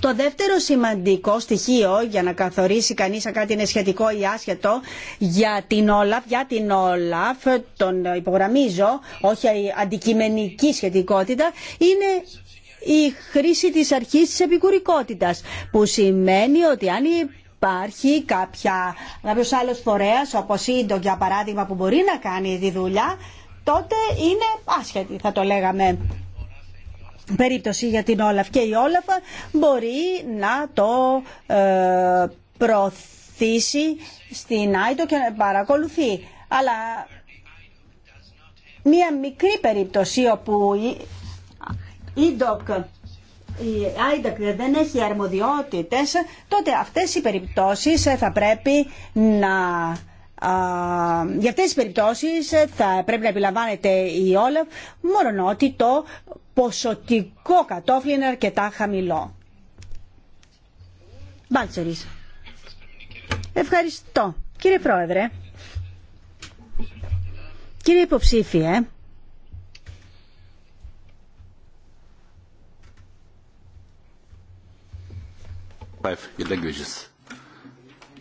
το δεύτερο σημαντικό στοιχείο για να καθορίσει κανείς αν κάτι είναι σχετικό ή άσχετο για την Όλαφ, για την Όλαφ, τον υπογραμμίζω, όχι αντικειμενική σχετικότητα, είναι η χρήση της αρχής της επικουρικότητας, που σημαίνει ότι αν υπάρχει κάποια, κάποιος άλλος φορέας, όπως είναι για παράδειγμα, που μπορεί να κάνει τη δουλειά, τότε είναι άσχετη θα το λέγαμε περίπτωση για την Όλαφ και η Όλαφ μπορεί να το ε, προωθήσει στην ΆΙΤΟ και να παρακολουθεί. Αλλά μία μικρή περίπτωση όπου η ΙΔΟΚ η δεν έχει αρμοδιότητες, τότε αυτές οι περιπτώσεις θα πρέπει να για αυτές τις περιπτώσεις ε, θα πρέπει να επιλαμβάνεται η Όλαφ μόνο ότι το ποσοτικό κατόφλι είναι αρκετά χαμηλό. Ευχαριστώ. Κύριε Πρόεδρε, κύριε Υποψήφιε,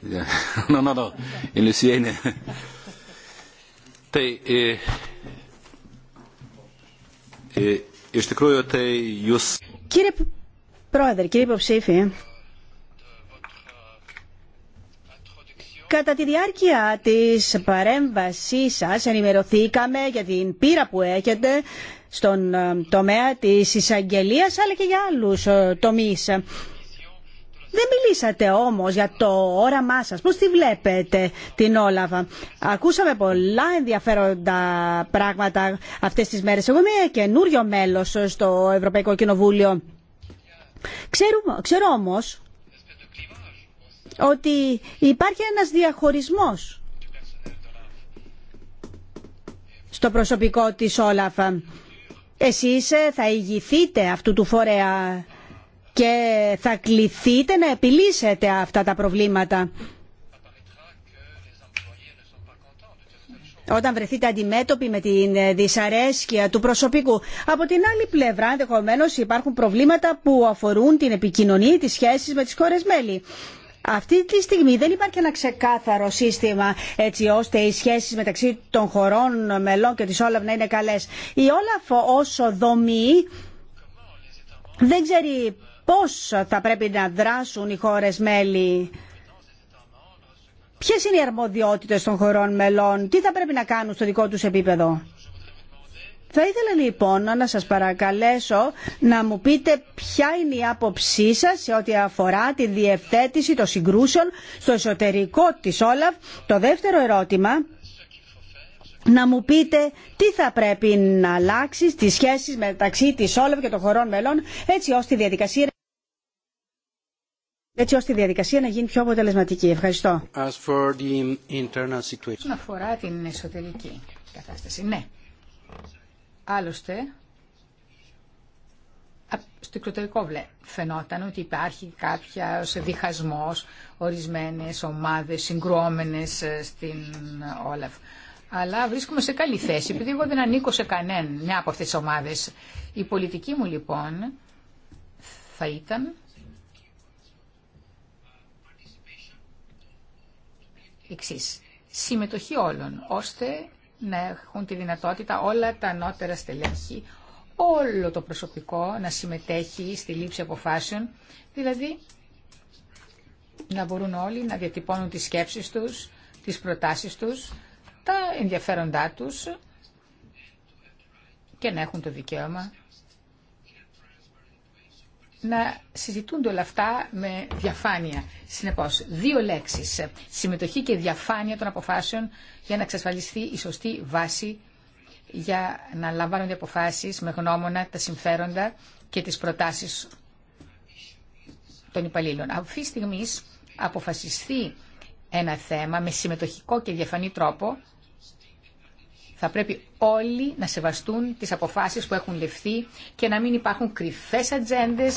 Κύριε Πρόεδρε, κύριε Υποψήφι, Κατά τη διάρκεια της παρέμβασής σας ενημερωθήκαμε για την πείρα που έχετε στον ε, τομέα της εισαγγελίας αλλά και για άλλους ε, τομείς. Δεν μιλήσατε όμως για το όραμά σας. Πώς τη βλέπετε την Όλαβα. Ακούσαμε πολλά ενδιαφέροντα πράγματα αυτές τις μέρες. Εγώ είμαι καινούριο μέλος στο Ευρωπαϊκό Κοινοβούλιο. Ξέρω, ξέρω όμως ότι υπάρχει ένας διαχωρισμός στο προσωπικό της Όλαφα. Εσείς θα ηγηθείτε αυτού του φορέα και θα κληθείτε να επιλύσετε αυτά τα προβλήματα. όταν βρεθείτε αντιμέτωποι με την δυσαρέσκεια του προσωπικού. Από την άλλη πλευρά, ενδεχομένω υπάρχουν προβλήματα που αφορούν την επικοινωνία, τις σχέσεις με τις χώρες μέλη. Αυτή τη στιγμή δεν υπάρχει ένα ξεκάθαρο σύστημα έτσι ώστε οι σχέσεις μεταξύ των χωρών μελών και της Όλαφ να είναι καλές. Η Όλαφ όσο δομή δεν ξέρει πώς θα πρέπει να δράσουν οι χώρες μέλη. Ποιες είναι οι αρμοδιότητες των χωρών μελών, τι θα πρέπει να κάνουν στο δικό τους επίπεδο. Θα ήθελα λοιπόν να σας παρακαλέσω να μου πείτε ποια είναι η άποψή σας σε ό,τι αφορά τη διευθέτηση των συγκρούσεων στο εσωτερικό της Όλαφ. Το δεύτερο ερώτημα να μου πείτε τι θα πρέπει να αλλάξει στις σχέσεις μεταξύ της Όλαφ και των χωρών μελών έτσι ώστε η διαδικασία έτσι ώστε η διαδικασία να γίνει πιο αποτελεσματική. Ευχαριστώ. As αφορά την εσωτερική κατάσταση, ναι. Άλλωστε, στο εξωτερικό φαινόταν ότι υπάρχει κάποια διχασμός, ορισμένες ομάδες συγκρουόμενες ε, στην Όλαφ. Αλλά βρίσκομαι σε καλή θέση, επειδή εγώ δεν ανήκω σε κανένα μια από αυτές τις ομάδες. Η πολιτική μου λοιπόν θα ήταν εξή. Συμμετοχή όλων, ώστε να έχουν τη δυνατότητα όλα τα ανώτερα στελέχη, όλο το προσωπικό να συμμετέχει στη λήψη αποφάσεων, δηλαδή να μπορούν όλοι να διατυπώνουν τις σκέψεις τους, τις προτάσεις τους, τα ενδιαφέροντά τους και να έχουν το δικαίωμα να συζητούνται όλα αυτά με διαφάνεια. Συνεπώς, δύο λέξει: Συμμετοχή και διαφάνεια των αποφάσεων για να εξασφαλιστεί η σωστή βάση για να λαμβάνονται αποφάσεις με γνώμονα τα συμφέροντα και τις προτάσεις των υπαλλήλων. Αυτή τη στιγμή αποφασιστεί ένα θέμα με συμμετοχικό και διαφανή τρόπο, θα πρέπει όλοι να σεβαστούν τις αποφάσεις που έχουν ληφθεί και να μην υπάρχουν κρυφές ατζέντε,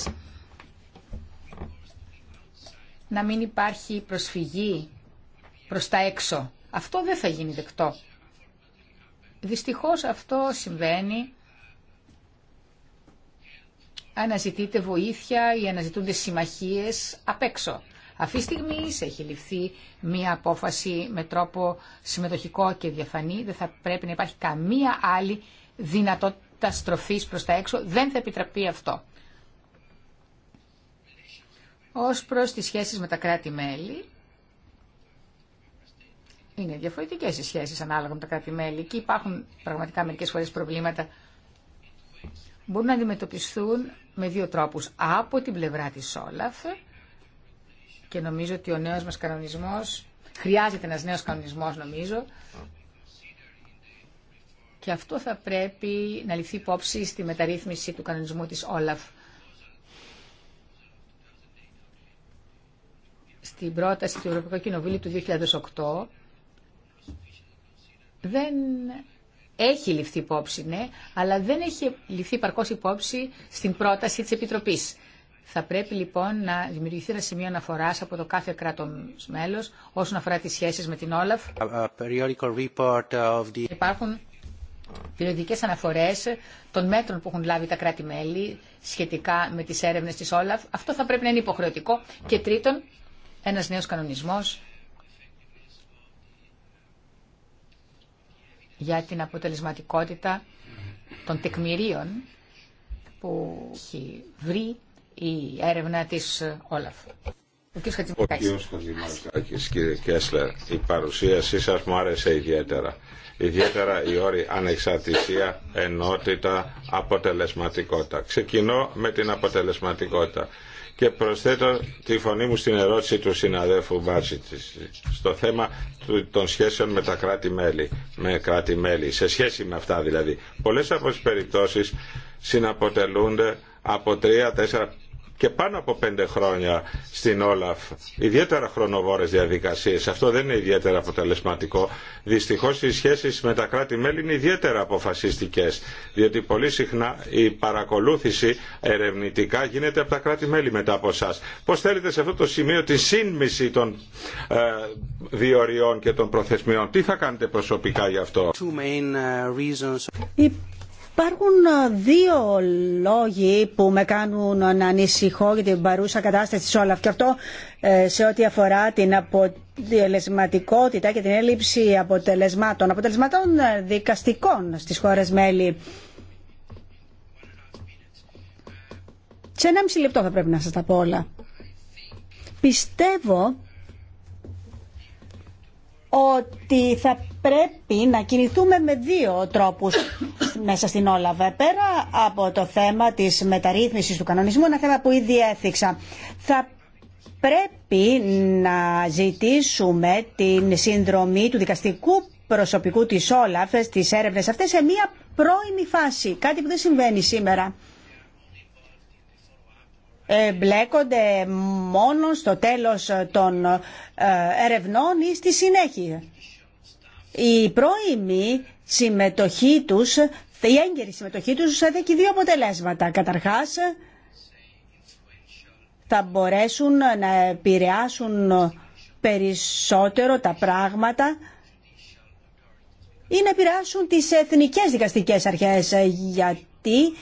να μην υπάρχει προσφυγή προς τα έξω. Αυτό δεν θα γίνει δεκτό. Δυστυχώς αυτό συμβαίνει. Αναζητείτε βοήθεια ή αναζητούνται συμμαχίες απ' έξω. Αυτή τη στιγμή έχει ληφθεί μία απόφαση με τρόπο συμμετοχικό και διαφανή. Δεν θα πρέπει να υπάρχει καμία άλλη δυνατότητα στροφής προς τα έξω. Δεν θα επιτραπεί αυτό. Ως προς τις σχέσεις με τα κράτη-μέλη, είναι διαφορετικές οι σχέσεις ανάλογα με τα κράτη-μέλη και υπάρχουν πραγματικά μερικές φορές προβλήματα μπορούν να αντιμετωπιστούν με δύο τρόπους. Από την πλευρά της Όλαφ, και νομίζω ότι ο νέος μας κανονισμός, χρειάζεται ένας νέος κανονισμός νομίζω, και αυτό θα πρέπει να ληφθεί υπόψη στη μεταρρύθμιση του κανονισμού της Όλαφ. Στην πρόταση του Ευρωπαϊκού Κοινοβούλου του 2008 δεν έχει ληφθεί υπόψη, ναι, αλλά δεν έχει ληφθεί παρκώς υπόψη στην πρόταση της Επιτροπής. Θα πρέπει λοιπόν να δημιουργηθεί ένα σημείο αναφορά από το κάθε κράτο μέλο όσον αφορά τι σχέσει με την Όλαφ. Υπάρχουν περιοδικέ αναφορέ των μέτρων που έχουν λάβει τα κράτη-μέλη σχετικά με τι έρευνε τη Όλαφ. Αυτό θα πρέπει να είναι υποχρεωτικό. Και τρίτον, ένα νέο κανονισμό για την αποτελεσματικότητα των τεκμηρίων που έχει βρει η έρευνα της Όλαφ. Ο κ. Χατζημαρκάκης. κύριε Κέσλερ, η παρουσίασή σας μου άρεσε ιδιαίτερα. Ιδιαίτερα η όρη ανεξαρτησία, ενότητα, αποτελεσματικότητα. Ξεκινώ με την αποτελεσματικότητα και προσθέτω τη φωνή μου στην ερώτηση του συναδέλφου Μπάτσιτης στο θέμα των σχέσεων με τα κράτη-μέλη, με κράτη-μέλη, σε σχέση με αυτά δηλαδή. Πολλές από τις περιπτώσεις συναποτελούνται από τρία, τέσσερα, και πάνω από πέντε χρόνια στην Όλαφ. Ιδιαίτερα χρονοβόρες διαδικασίες. Αυτό δεν είναι ιδιαίτερα αποτελεσματικό. Δυστυχώς οι σχέσεις με τα κράτη-μέλη είναι ιδιαίτερα αποφασιστικές. Διότι πολύ συχνά η παρακολούθηση ερευνητικά γίνεται από τα κράτη-μέλη μετά από εσά. Πώς θέλετε σε αυτό το σημείο τη σύνμηση των ε, διοριών και των προθεσμιών. Τι θα κάνετε προσωπικά γι' αυτό. Ε, Υπάρχουν δύο λόγοι που με κάνουν να ανησυχώ για την παρούσα κατάσταση της όλα και αυτό ε, σε ό,τι αφορά την αποτελεσματικότητα και την έλλειψη αποτελεσμάτων, αποτελεσμάτων ε, δικαστικών στις χώρες μέλη. Σε ένα μισή λεπτό θα πρέπει να σας τα πω όλα. Πιστεύω ότι θα πρέπει να κινηθούμε με δύο τρόπους μέσα στην Όλαβα. Πέρα από το θέμα της μεταρρύθμισης του κανονισμού, ένα θέμα που ήδη έθιξα, θα πρέπει να ζητήσουμε την συνδρομή του δικαστικού προσωπικού της Όλαφ στις έρευνες αυτές σε μία πρώιμη φάση, κάτι που δεν συμβαίνει σήμερα. Ε, μπλέκονται μόνο στο τέλος των ε, ερευνών ή στη συνέχεια. Η πρώιμη συμμετοχή τους, η έγκαιρη συμμετοχή τους θα και δύο αποτελέσματα. Καταρχάς θα μπορέσουν να επηρεάσουν περισσότερο τα πράγματα ή να επηρεάσουν τις εθνικές δικαστικές αρχές ε, γιατί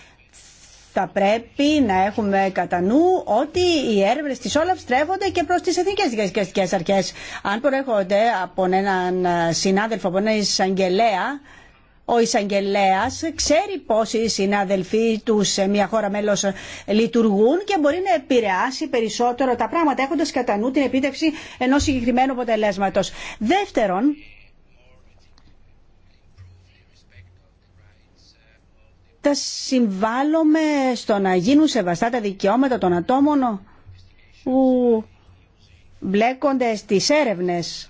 θα πρέπει να έχουμε κατά νου ότι οι έρευνε τη Όλαφ στρέφονται και προ τι εθνικέ δικαστικέ αρχέ. Αν προέρχονται από έναν συνάδελφο, από έναν εισαγγελέα, ο εισαγγελέα ξέρει πώς οι συναδελφοί του σε μια χώρα μέλο λειτουργούν και μπορεί να επηρεάσει περισσότερο τα πράγματα έχοντα κατά νου την επίτευξη ενό συγκεκριμένου αποτελέσματο. Δεύτερον, τα συμβάλλουμε στο να γίνουν σεβαστά τα δικαιώματα των ατόμων που μπλέκονται στις έρευνες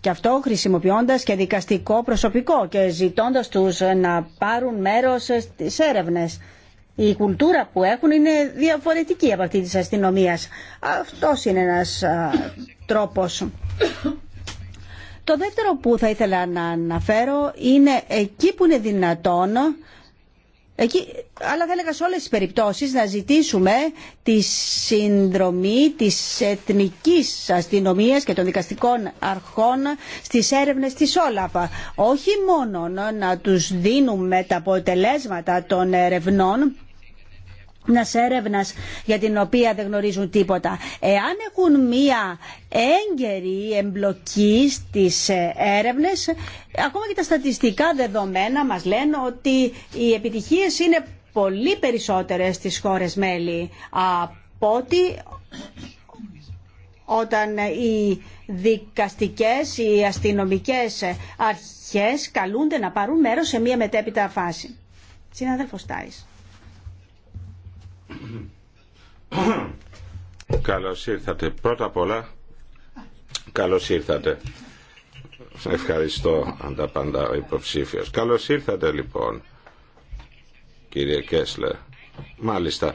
και αυτό χρησιμοποιώντας και δικαστικό προσωπικό και ζητώντας τους να πάρουν μέρος στις έρευνες. Η κουλτούρα που έχουν είναι διαφορετική από αυτή της αστυνομίας. Αυτός είναι ένας τρόπος. Το δεύτερο που θα ήθελα να αναφέρω είναι εκεί που είναι δυνατόν αλλά θα έλεγα σε όλες τις περιπτώσεις να ζητήσουμε τη συνδρομή της εθνικής αστυνομίας και των δικαστικών αρχών στις έρευνες της Όλαφα. Όχι μόνο να τους δίνουμε τα αποτελέσματα των ερευνών, μια έρευνα για την οποία δεν γνωρίζουν τίποτα. Εάν έχουν μία έγκαιρη εμπλοκή στι ε, έρευνες, ακόμα και τα στατιστικά δεδομένα μας λένε ότι οι επιτυχίε είναι πολύ περισσότερες στι χώρες μέλη από ότι όταν οι δικαστικές, οι αστυνομικές αρχές καλούνται να πάρουν μέρος σε μία μετέπειτα φάση. Συναδέλφο Καλώς ήρθατε. Πρώτα απ' όλα, καλώς ήρθατε. Ευχαριστώ ανταπαντά ο υποψήφιος. Καλώς ήρθατε λοιπόν, κύριε Κέσλε. Μάλιστα.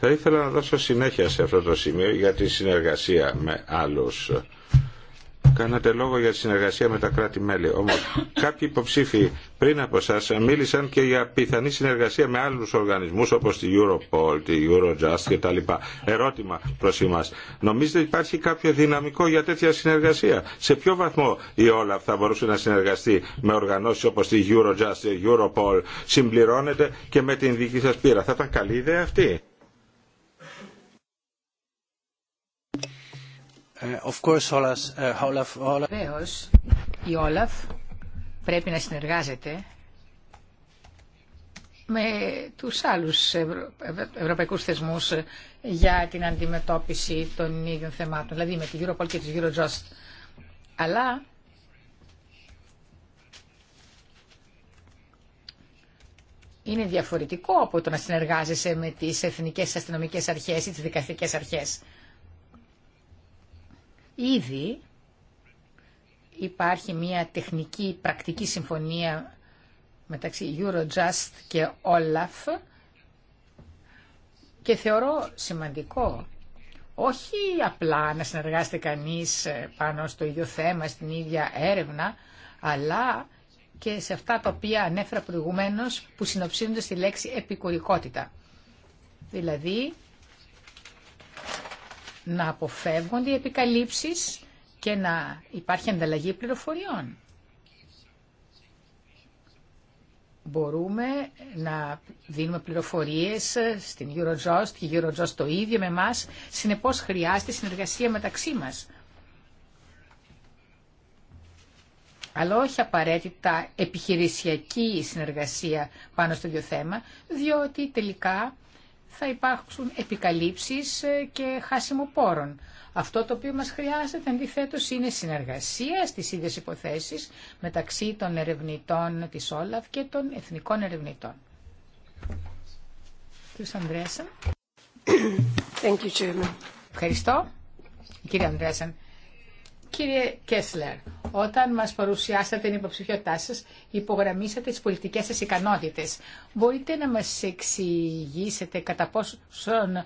Θα ήθελα να δώσω συνέχεια σε αυτό το σημείο για τη συνεργασία με άλλους Κάνατε λόγο για συνεργασία με τα κράτη-μέλη. Όμω, κάποιοι υποψήφοι πριν από εσά μίλησαν και για πιθανή συνεργασία με άλλου οργανισμού όπω τη Europol, τη Eurojust κτλ. Ερώτημα προ εμά. Νομίζετε ότι υπάρχει κάποιο δυναμικό για τέτοια συνεργασία. Σε ποιο βαθμό η Όλαφ θα μπορούσε να συνεργαστεί με οργανώσει όπω τη Eurojust, η Europol, συμπληρώνεται και με την δική σα πείρα. Θα ήταν καλή ιδέα αυτή. Ε, of course, ε, Βεβαίως, η Όλαφ πρέπει να συνεργάζεται με τους άλλους ευρωπαϊκούς θεσμούς για την αντιμετώπιση των ίδιων θεμάτων, δηλαδή με τη Europol και τη Eurojust. Αλλά είναι διαφορετικό από το να συνεργάζεσαι με τις εθνικές αστυνομικές αρχές ή τις δικαστικές αρχές. Ήδη υπάρχει μια τεχνική πρακτική συμφωνία μεταξύ Eurojust και Olaf και θεωρώ σημαντικό όχι απλά να συνεργάζεται κανείς ε, πάνω στο ίδιο θέμα, στην ίδια έρευνα, αλλά και σε αυτά τα οποία ανέφερα προηγουμένως που συνοψίζονται στη λέξη επικουρικότητα. Δηλαδή, να αποφεύγονται οι επικαλύψεις και να υπάρχει ανταλλαγή πληροφοριών. Μπορούμε να δίνουμε πληροφορίες στην Eurojust και η Eurojust το ίδιο με εμά, συνεπώς χρειάζεται συνεργασία μεταξύ μας. αλλά όχι απαραίτητα επιχειρησιακή συνεργασία πάνω στο ίδιο θέμα, διότι τελικά θα υπάρξουν επικαλύψεις ε, και χάσιμο πόρων. Αυτό το οποίο μας χρειάζεται αντιθέτω είναι συνεργασία στις ίδιες υποθέσεις μεταξύ των ερευνητών της Όλαφ και των εθνικών ερευνητών. Ευχαριστώ. Κύριε Ανδρέασεν. Κύριε Κέσλερ, όταν μας παρουσιάσατε την υποψηφιότητά σας, υπογραμμίσατε τις πολιτικές σας ικανότητες. Μπορείτε να μας εξηγήσετε κατά πόσον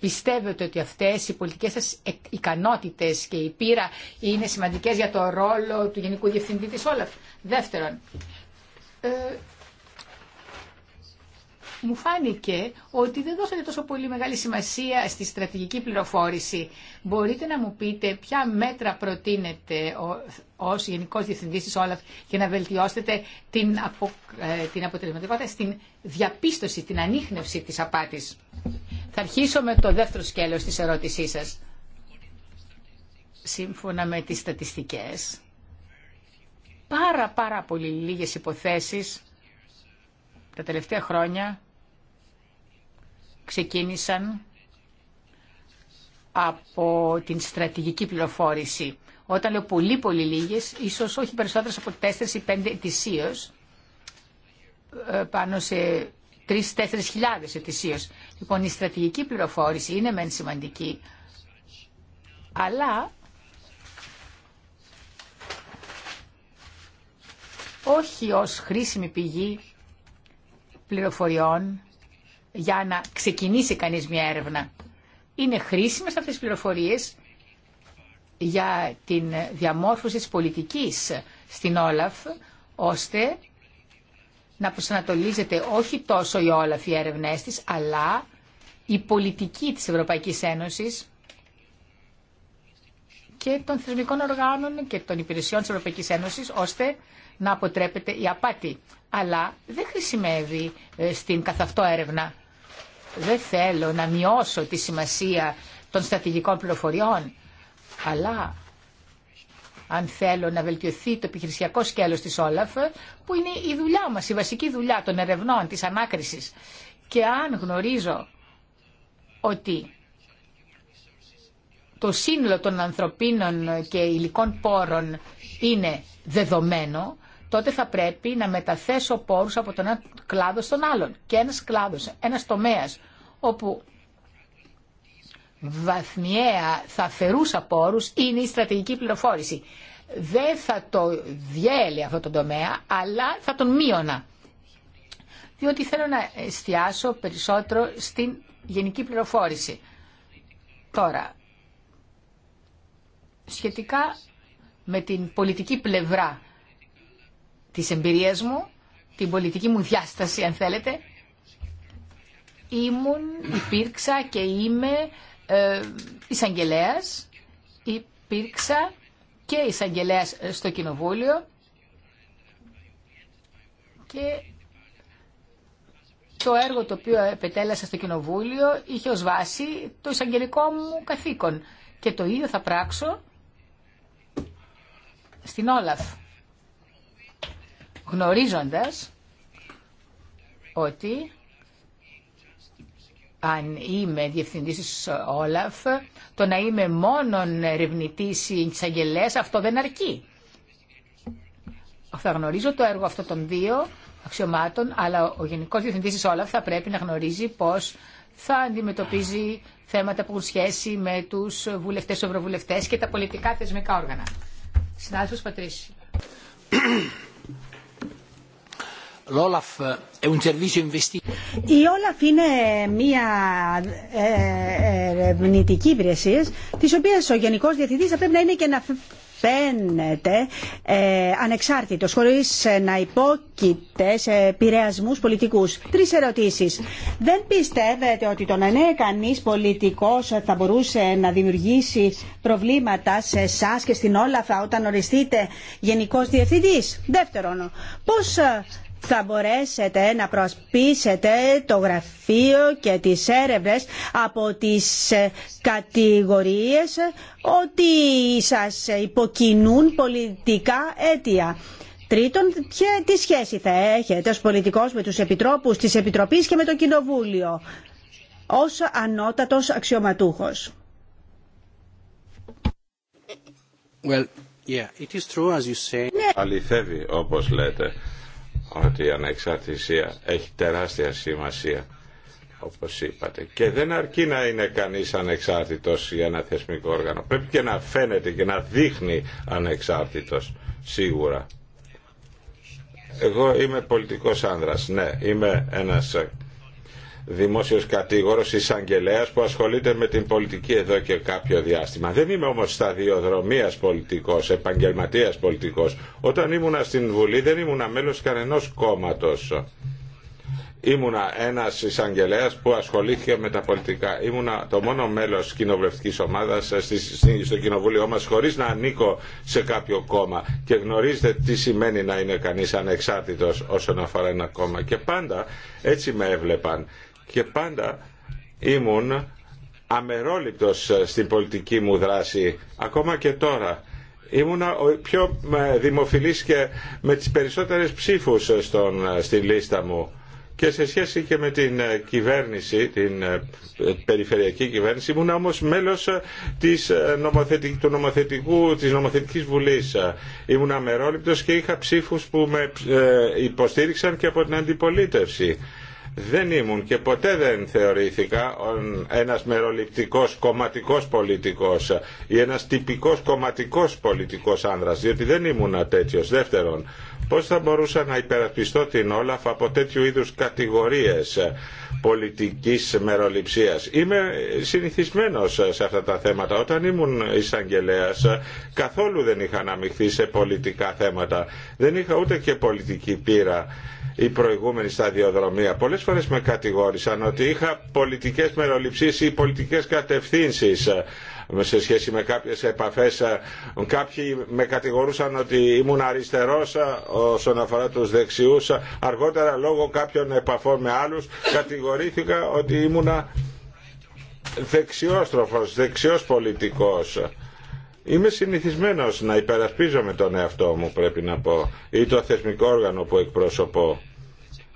πιστεύετε ότι αυτές οι πολιτικές σας ε, ικανότητες και η πείρα είναι σημαντικές για το ρόλο του Γενικού Διευθυντή της Όλαφ. Δεύτερον, ε, μου φάνηκε ότι δεν δώσατε τόσο πολύ μεγάλη σημασία στη στρατηγική πληροφόρηση. Μπορείτε να μου πείτε ποια μέτρα προτείνετε ω γενικό Διευθυντής τη Όλαφ για να βελτιώσετε την, απο, ε, την αποτελεσματικότητα στην διαπίστωση, την ανείχνευση της απάτης. Θα αρχίσω με το δεύτερο σκέλος της ερώτησής σας. Σύμφωνα με τις στατιστικές, πάρα πάρα πολύ λίγες υποθέσεις τα τελευταία χρόνια ξεκίνησαν από την στρατηγική πληροφόρηση. Όταν λέω πολύ πολύ λίγες, ίσως όχι περισσότερες από 4 ή 5 ετησίως, ε, πάνω σε 3-4 χιλιάδες ετησίως. Λοιπόν, η στρατηγική τεσσερις χιλιαδες ετησιως λοιπον είναι μεν σημαντική, αλλά όχι ως χρήσιμη πηγή πληροφοριών για να ξεκινήσει κανείς μια έρευνα. Είναι χρήσιμες αυτές τις πληροφορίες για την διαμόρφωση της πολιτικής στην Όλαφ, ώστε να προσανατολίζεται όχι τόσο η Όλαφ οι έρευνές της, αλλά η πολιτική της Ευρωπαϊκής Ένωσης και των θεσμικών οργάνων και των υπηρεσιών της Ευρωπαϊκής Ένωσης, ώστε να αποτρέπεται η απάτη. Αλλά δεν χρησιμεύει ε, στην καθαυτό έρευνα. Δεν θέλω να μειώσω τη σημασία των στρατηγικών πληροφοριών, αλλά αν θέλω να βελτιωθεί το επιχειρησιακό σκέλος της Όλαφ, που είναι η δουλειά μας, η βασική δουλειά των ερευνών, της ανάκρισης. Και αν γνωρίζω ότι το σύνολο των ανθρωπίνων και υλικών πόρων είναι δεδομένο, τότε θα πρέπει να μεταθέσω πόρους από τον ένα κλάδο στον άλλον. Και ένας κλάδος, ένας τομέας, όπου βαθμιαία θα αφαιρούσα πόρους, είναι η στρατηγική πληροφόρηση. Δεν θα το διέλει αυτό το τομέα, αλλά θα τον μείωνα. Διότι θέλω να εστιάσω περισσότερο στην γενική πληροφόρηση. Τώρα, σχετικά με την πολιτική πλευρά τι εμπειρίας μου, την πολιτική μου διάσταση αν θέλετε, ήμουν, υπήρξα και είμαι ε, εισαγγελέα, υπήρξα και εισαγγελέα ε, στο Κοινοβούλιο και το έργο το οποίο επετέλεσα στο Κοινοβούλιο είχε ως βάση το εισαγγελικό μου καθήκον και το ίδιο θα πράξω στην Όλαφ γνωρίζοντας ότι αν είμαι διευθυντής της Όλαφ, το να είμαι μόνον ερευνητή ή εισαγγελέας, αυτό δεν αρκεί. Θα γνωρίζω το έργο αυτών των δύο αξιωμάτων, αλλά ο Γενικός Διευθυντής της Όλαφ θα πρέπει να γνωρίζει πώς θα αντιμετωπίζει θέματα που έχουν σχέση με τους βουλευτές, ευρωβουλευτές και τα πολιτικά θεσμικά όργανα. Συνάδελφος Πατρίση. Η Όλαφ είναι μια ε, ε, ερευνητική υπηρεσία, τη οποία ο Γενικό Διευθυντή θα πρέπει να είναι και να φαίνεται ε, ανεξάρτητος, χωρίς να υπόκειται σε επηρεασμούς πολιτικούς. Τρεις ερωτήσεις. Δεν πιστεύετε ότι το να είναι κανείς πολιτικός θα μπορούσε να δημιουργήσει προβλήματα σε εσά και στην Όλαφα όταν οριστείτε γενικός διευθυντής. Δεύτερον, πώς θα μπορέσετε να προσπίσετε το γραφείο και τις έρευνες από τις ε, κατηγορίες ότι σας υποκινούν πολιτικά αίτια. Τρίτον, τι σχέση θα έχετε ως πολιτικός με τους επιτρόπους της Επιτροπής και με το Κοινοβούλιο ως ανώτατος αξιωματούχος. Well, yeah, it is true, as ναι. Αληθεύει όπως λέτε ότι η ανεξαρτησία έχει τεράστια σημασία όπως είπατε. Και δεν αρκεί να είναι κανείς ανεξάρτητος για ένα θεσμικό όργανο. Πρέπει και να φαίνεται και να δείχνει ανεξάρτητος, σίγουρα. Εγώ είμαι πολιτικός άνδρας, ναι. Είμαι ένας δημόσιος κατηγόρος εισαγγελέας που ασχολείται με την πολιτική εδώ και κάποιο διάστημα. Δεν είμαι όμως σταδιοδρομίας πολιτικός, επαγγελματίας πολιτικός. Όταν ήμουνα στην Βουλή δεν ήμουνα μέλος κανενός κόμματος. Ήμουνα ένας εισαγγελέα που ασχολήθηκε με τα πολιτικά. Ήμουνα το μόνο μέλος κοινοβουλευτικής ομάδας στο κοινοβούλιο μας χωρίς να ανήκω σε κάποιο κόμμα. Και γνωρίζετε τι σημαίνει να είναι κανείς ανεξάρτητος όσον αφορά ένα κόμμα. Και πάντα έτσι με έβλεπαν και πάντα ήμουν αμερόληπτος στην πολιτική μου δράση, ακόμα και τώρα. ήμουν πιο ε, δημοφιλής και με τις περισσότερες ψήφους στον, ε, στην λίστα μου και σε σχέση και με την ε, κυβέρνηση, την περιφερειακή κυβέρνηση, ήμουν όμως μέλος της, νομοθετικ... του νομοθετικού, της νομοθετικής βουλής. Ήμουν αμερόληπτος και είχα ψήφους που με υποστήριξαν και από την αντιπολίτευση δεν ήμουν και ποτέ δεν θεωρήθηκα ένας μεροληπτικός κομματικός πολιτικός ή ένας τυπικός κομματικός πολιτικός άνδρας, διότι δεν ήμουν τέτοιος. Δεύτερον, πώς θα μπορούσα να υπερασπιστώ την Όλαφ από τέτοιου είδους κατηγορίες πολιτικής μεροληψίας. Είμαι συνηθισμένος σε αυτά τα θέματα. Όταν ήμουν εισαγγελέα, καθόλου δεν είχα αναμειχθεί σε πολιτικά θέματα. Δεν είχα ούτε και πολιτική πείρα η προηγούμενη σταδιοδρομία. Πολλές φορές με κατηγόρησαν ότι είχα πολιτικές μεροληψίες ή πολιτικές κατευθύνσεις ε, σε σχέση με κάποιες επαφές. Ε, κάποιοι με κατηγορούσαν ότι ήμουν αριστερός ε, όσον αφορά τους δεξιούς. Αργότερα λόγω κάποιων επαφών με άλλους κατηγορήθηκα ότι ήμουνα δεξιόστροφος, δεξιός πολιτικός. Είμαι συνηθισμένος να υπερασπίζομαι τον εαυτό μου πρέπει να πω ή το θεσμικό όργανο που εκπροσωπώ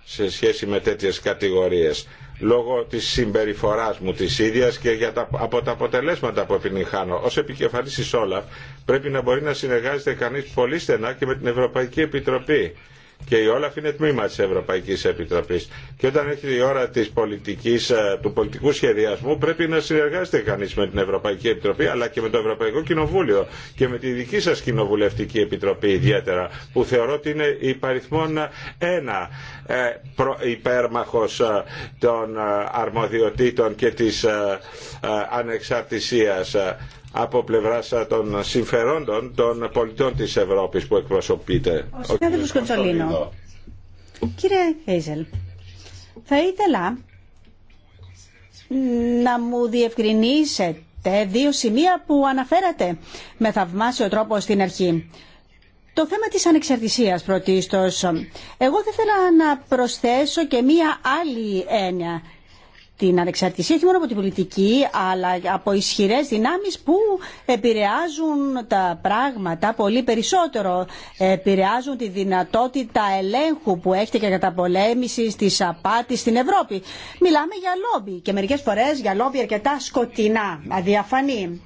σε σχέση με τέτοιες κατηγορίες λόγω της συμπεριφοράς μου της ίδιας και για τα, από τα αποτελέσματα που επινηχάνω. Ως επικεφαλής της Όλαφ πρέπει να μπορεί να συνεργάζεται κανείς πολύ στενά και με την Ευρωπαϊκή Επιτροπή και η Όλαφ είναι τμήμα της Ευρωπαϊκής Επιτροπής. Και όταν έχει η ώρα της πολιτικής, ε, του πολιτικού σχεδιασμού πρέπει να συνεργάζεται κανείς με την Ευρωπαϊκή Επιτροπή αλλά και με το Ευρωπαϊκό Κοινοβούλιο και με τη δική σας Κοινοβουλευτική Επιτροπή ιδιαίτερα που θεωρώ ότι είναι υπαριθμόν ένα ε, υπέρμαχος ε, των αρμοδιοτήτων και της ανεξαρτησίας από πλευρά των συμφερόντων των πολιτών της Ευρώπης που εκπροσωπείται. Ο, ο Κύριε Χέιζελ, θα ήθελα να μου διευκρινίσετε δύο σημεία που αναφέρατε με θαυμάσιο τρόπο στην αρχή. Το θέμα της ανεξαρτησίας πρωτίστως. Εγώ θα ήθελα να προσθέσω και μία άλλη έννοια την ανεξαρτησία όχι μόνο από την πολιτική αλλά από ισχυρές δυνάμεις που επηρεάζουν τα πράγματα πολύ περισσότερο. Επηρεάζουν τη δυνατότητα ελέγχου που έχετε και πολέμηση της απάτης στην Ευρώπη. Μιλάμε για λόμπι και μερικές φορές για λόμπι αρκετά σκοτεινά, αδιαφανή.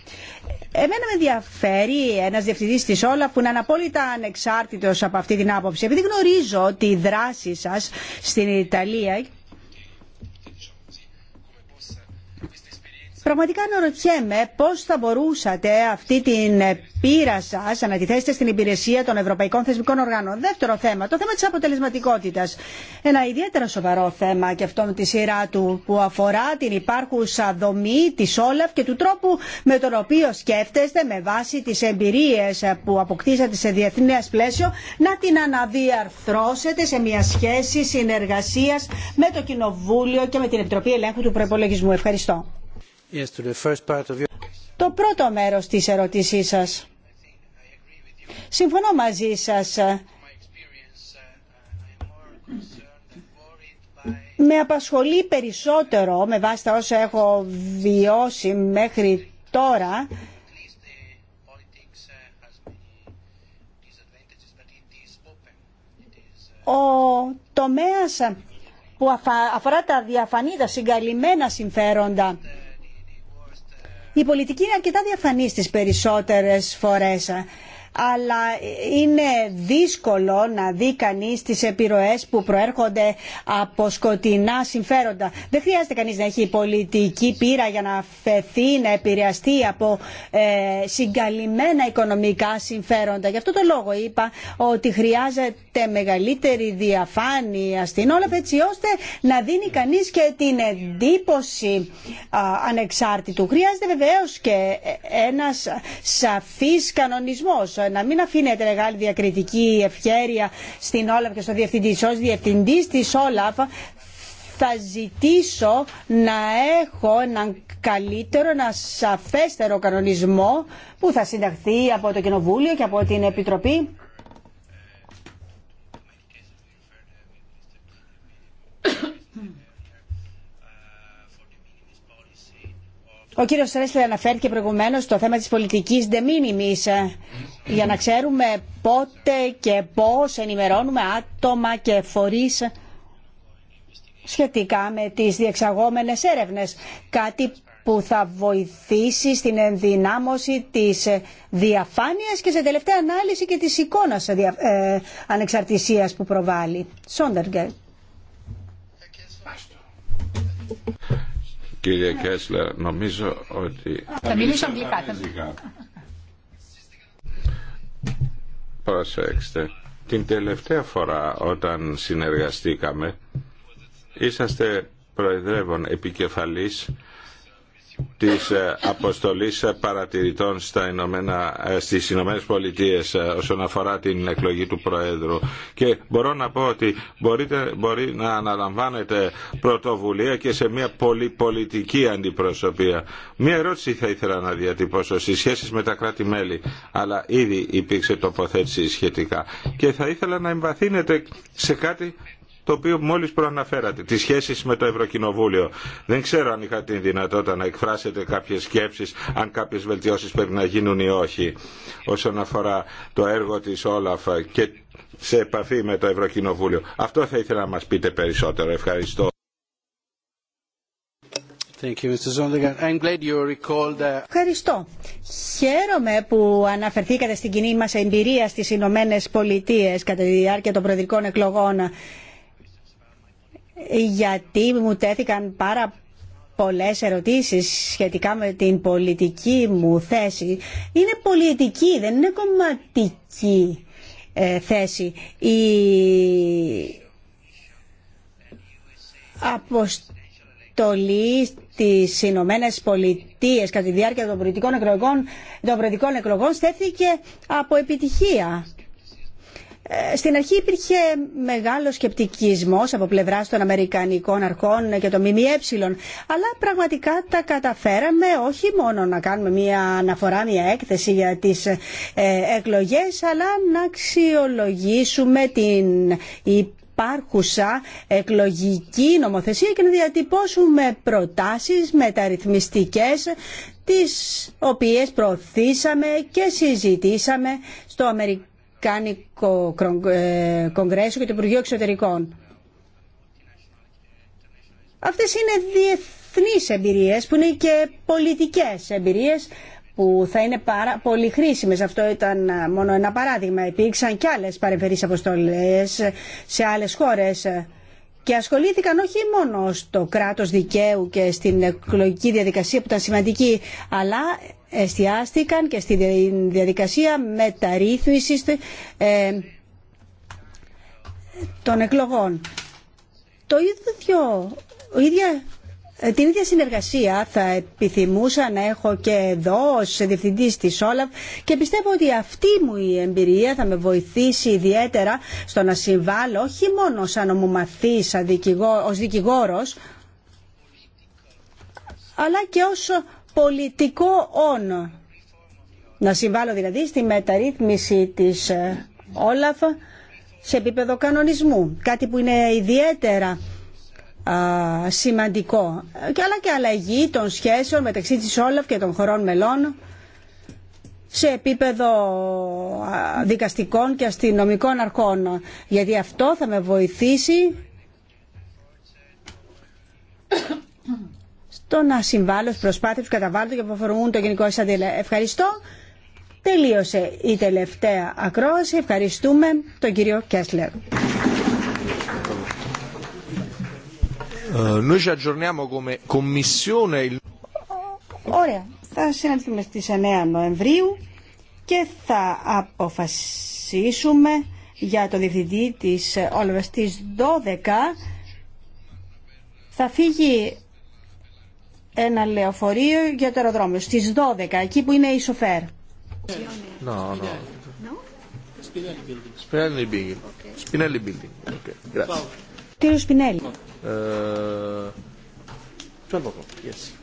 Εμένα με ενδιαφέρει ένα διευθυντή τη Όλα που είναι αναπόλυτα ανεξάρτητο από αυτή την άποψη. Επειδή γνωρίζω τη δράση σα στην Ιταλία Πραγματικά αναρωτιέμαι πώ θα μπορούσατε αυτή την πείρα σα να τη θέσετε στην υπηρεσία των Ευρωπαϊκών Θεσμικών Οργάνων. Δεύτερο θέμα, το θέμα τη αποτελεσματικότητα. Ένα ιδιαίτερα σοβαρό θέμα και αυτό με τη σειρά του που αφορά την υπάρχουσα δομή τη Όλαφ και του τρόπου με τον οποίο σκέφτεστε με βάση τι εμπειρίε που αποκτήσατε σε διεθνέ πλαίσιο να την αναδιαρθρώσετε σε μια σχέση συνεργασία με το Κοινοβούλιο και με την Επιτροπή Ελέγχου του Προπολογισμού. Ευχαριστώ. Το πρώτο μέρος της ερώτησής σας. Συμφωνώ μαζί σας. Με απασχολεί περισσότερο, με βάση τα όσα έχω βιώσει μέχρι τώρα, ο τομέας που αφορά τα διαφανή, τα συγκαλυμμένα συμφέροντα. Η πολιτική είναι αρκετά διαφανή τις περισσότερες φορές αλλά είναι δύσκολο να δει κανεί τις επιρροές που προέρχονται από σκοτεινά συμφέροντα. Δεν χρειάζεται κανείς να έχει πολιτική πείρα για να φεθεί, να επηρεαστεί από ε, συγκαλυμμένα οικονομικά συμφέροντα. Γι' αυτό το λόγο είπα ότι χρειάζεται μεγαλύτερη διαφάνεια στην όλα έτσι ώστε να δίνει κανείς και την εντύπωση ανεξάρτητου. Χρειάζεται βεβαίως και ε, ένας σαφής κανονισμός ε, να μην αφήνεται μεγάλη διακριτική ευχέρεια στην Όλαφ και στο Διευθυντή. ω διευθυντή τη Όλαφ θα ζητήσω να έχω έναν καλύτερο, ένα σαφέστερο κανονισμό που θα συνταχθεί από το Κοινοβούλιο και από την Επιτροπή Ο κύριος Σρέσλε αναφέρθηκε προηγουμένως στο θέμα της πολιτικής de ε, για να ξέρουμε πότε και πώς ενημερώνουμε άτομα και φορείς σχετικά με τις διεξαγόμενες έρευνες. Κάτι που θα βοηθήσει στην ενδυνάμωση της διαφάνειας και σε τελευταία ανάλυση και της εικόνας ε, ε, ανεξαρτησίας που προβάλλει. Σόντεργκερ. Κύριε Κέσλερ, νομίζω ότι... Θα μιλήσω αγγλικά. Προσέξτε. Την τελευταία φορά όταν συνεργαστήκαμε, είσαστε προεδρεύων επικεφαλής της ε, αποστολής παρατηρητών στα Ηνωμένα, ε, στις Ηνωμένες Πολιτείες ε, όσον αφορά την εκλογή του Προέδρου και μπορώ να πω ότι μπορείτε, μπορεί να αναλαμβάνετε πρωτοβουλία και σε μια πολυπολιτική αντιπροσωπεία. Μια ερώτηση θα ήθελα να διατυπώσω στις σχέσεις με τα κράτη-μέλη αλλά ήδη υπήρξε τοποθέτηση σχετικά και θα ήθελα να εμβαθύνετε σε κάτι το οποίο μόλις προαναφέρατε, τις σχέσεις με το Ευρωκοινοβούλιο. Δεν ξέρω αν είχατε την δυνατότητα να εκφράσετε κάποιες σκέψεις, αν κάποιες βελτιώσεις πρέπει να γίνουν ή όχι, όσον αφορά το έργο της Όλαφ και σε επαφή με το Ευρωκοινοβούλιο. Αυτό θα ήθελα να μας πείτε περισσότερο. Ευχαριστώ. Ευχαριστώ. Χαίρομαι που αναφερθήκατε στην κοινή μας εμπειρία στις Ηνωμένε Πολιτείε κατά τη διάρκεια των προεδρικών εκλογών γιατί μου τέθηκαν πάρα πολλές ερωτήσεις σχετικά με την πολιτική μου θέση. Είναι πολιτική, δεν είναι κομματική ε, θέση. Η αποστολή στις Ηνωμένε Πολιτείες κατά τη διάρκεια των πολιτικών εκλογών, των εκλογών στέθηκε από επιτυχία. Ε, στην αρχή υπήρχε μεγάλο σκεπτικισμό από πλευρά των Αμερικανικών αρχών και των ΜΜΕ, αλλά πραγματικά τα καταφέραμε όχι μόνο να κάνουμε μια αναφορά, μια έκθεση για τις ε, εκλογές, αλλά να αξιολογήσουμε την υπάρχουσα εκλογική νομοθεσία και να διατυπώσουμε προτάσεις μεταρρυθμιστικές τις οποίες προωθήσαμε και συζητήσαμε στο Αμερικανικό κάνει ε, Κογκρέσιο και το Υπουργείο Εξωτερικών. Αυτές είναι διεθνείς εμπειρίες που είναι και πολιτικές εμπειρίες που θα είναι πάρα πολύ χρήσιμες. Αυτό ήταν ε, μόνο ένα παράδειγμα. Υπήρξαν και άλλες παρεμφερείς αποστολές σε άλλες χώρες και ασχολήθηκαν όχι μόνο στο κράτος δικαίου και στην εκλογική διαδικασία που ήταν σημαντική, αλλά εστιάστηκαν και στη διαδικασία μεταρρύθμισης ε, των εκλογών. Το ίδιο, ο ε, την ίδια συνεργασία θα επιθυμούσα να έχω και εδώ ως διευθυντής της Όλαβ και πιστεύω ότι αυτή μου η εμπειρία θα με βοηθήσει ιδιαίτερα στο να συμβάλλω όχι μόνο σαν ομομαθής ως δικηγόρος αλλά και ως πολιτικό όν, Να συμβάλλω δηλαδή στη μεταρρύθμιση της ε, Όλαφ σε επίπεδο κανονισμού. Κάτι που είναι ιδιαίτερα σημαντικό. Και άλλα και αλλαγή των σχέσεων μεταξύ της Όλαφ και των χωρών μελών σε επίπεδο δικαστικών και αστυνομικών αρχών. Γιατί αυτό θα με βοηθήσει το να συμβάλλω στις προσπάθειες που καταβάλλονται και που αφορούν το Γενικό Εισαγγελέα. Ευχαριστώ. Τελείωσε η τελευταία ακρόαση. Ευχαριστούμε τον κύριο Κέσλερ. Ε, Ωραία. Θα συναντηθούμε στις 9 Νοεμβρίου και θα αποφασίσουμε για το διευθυντή της Όλβες 12 θα φύγει ένα λεωφορείο για το αεροδρόμιο. Στι 12, εκεί που είναι η σοφέρ. Σπινέλη Μπίλτη. Κύριο Σπινέλη. Τι να το πω, yes.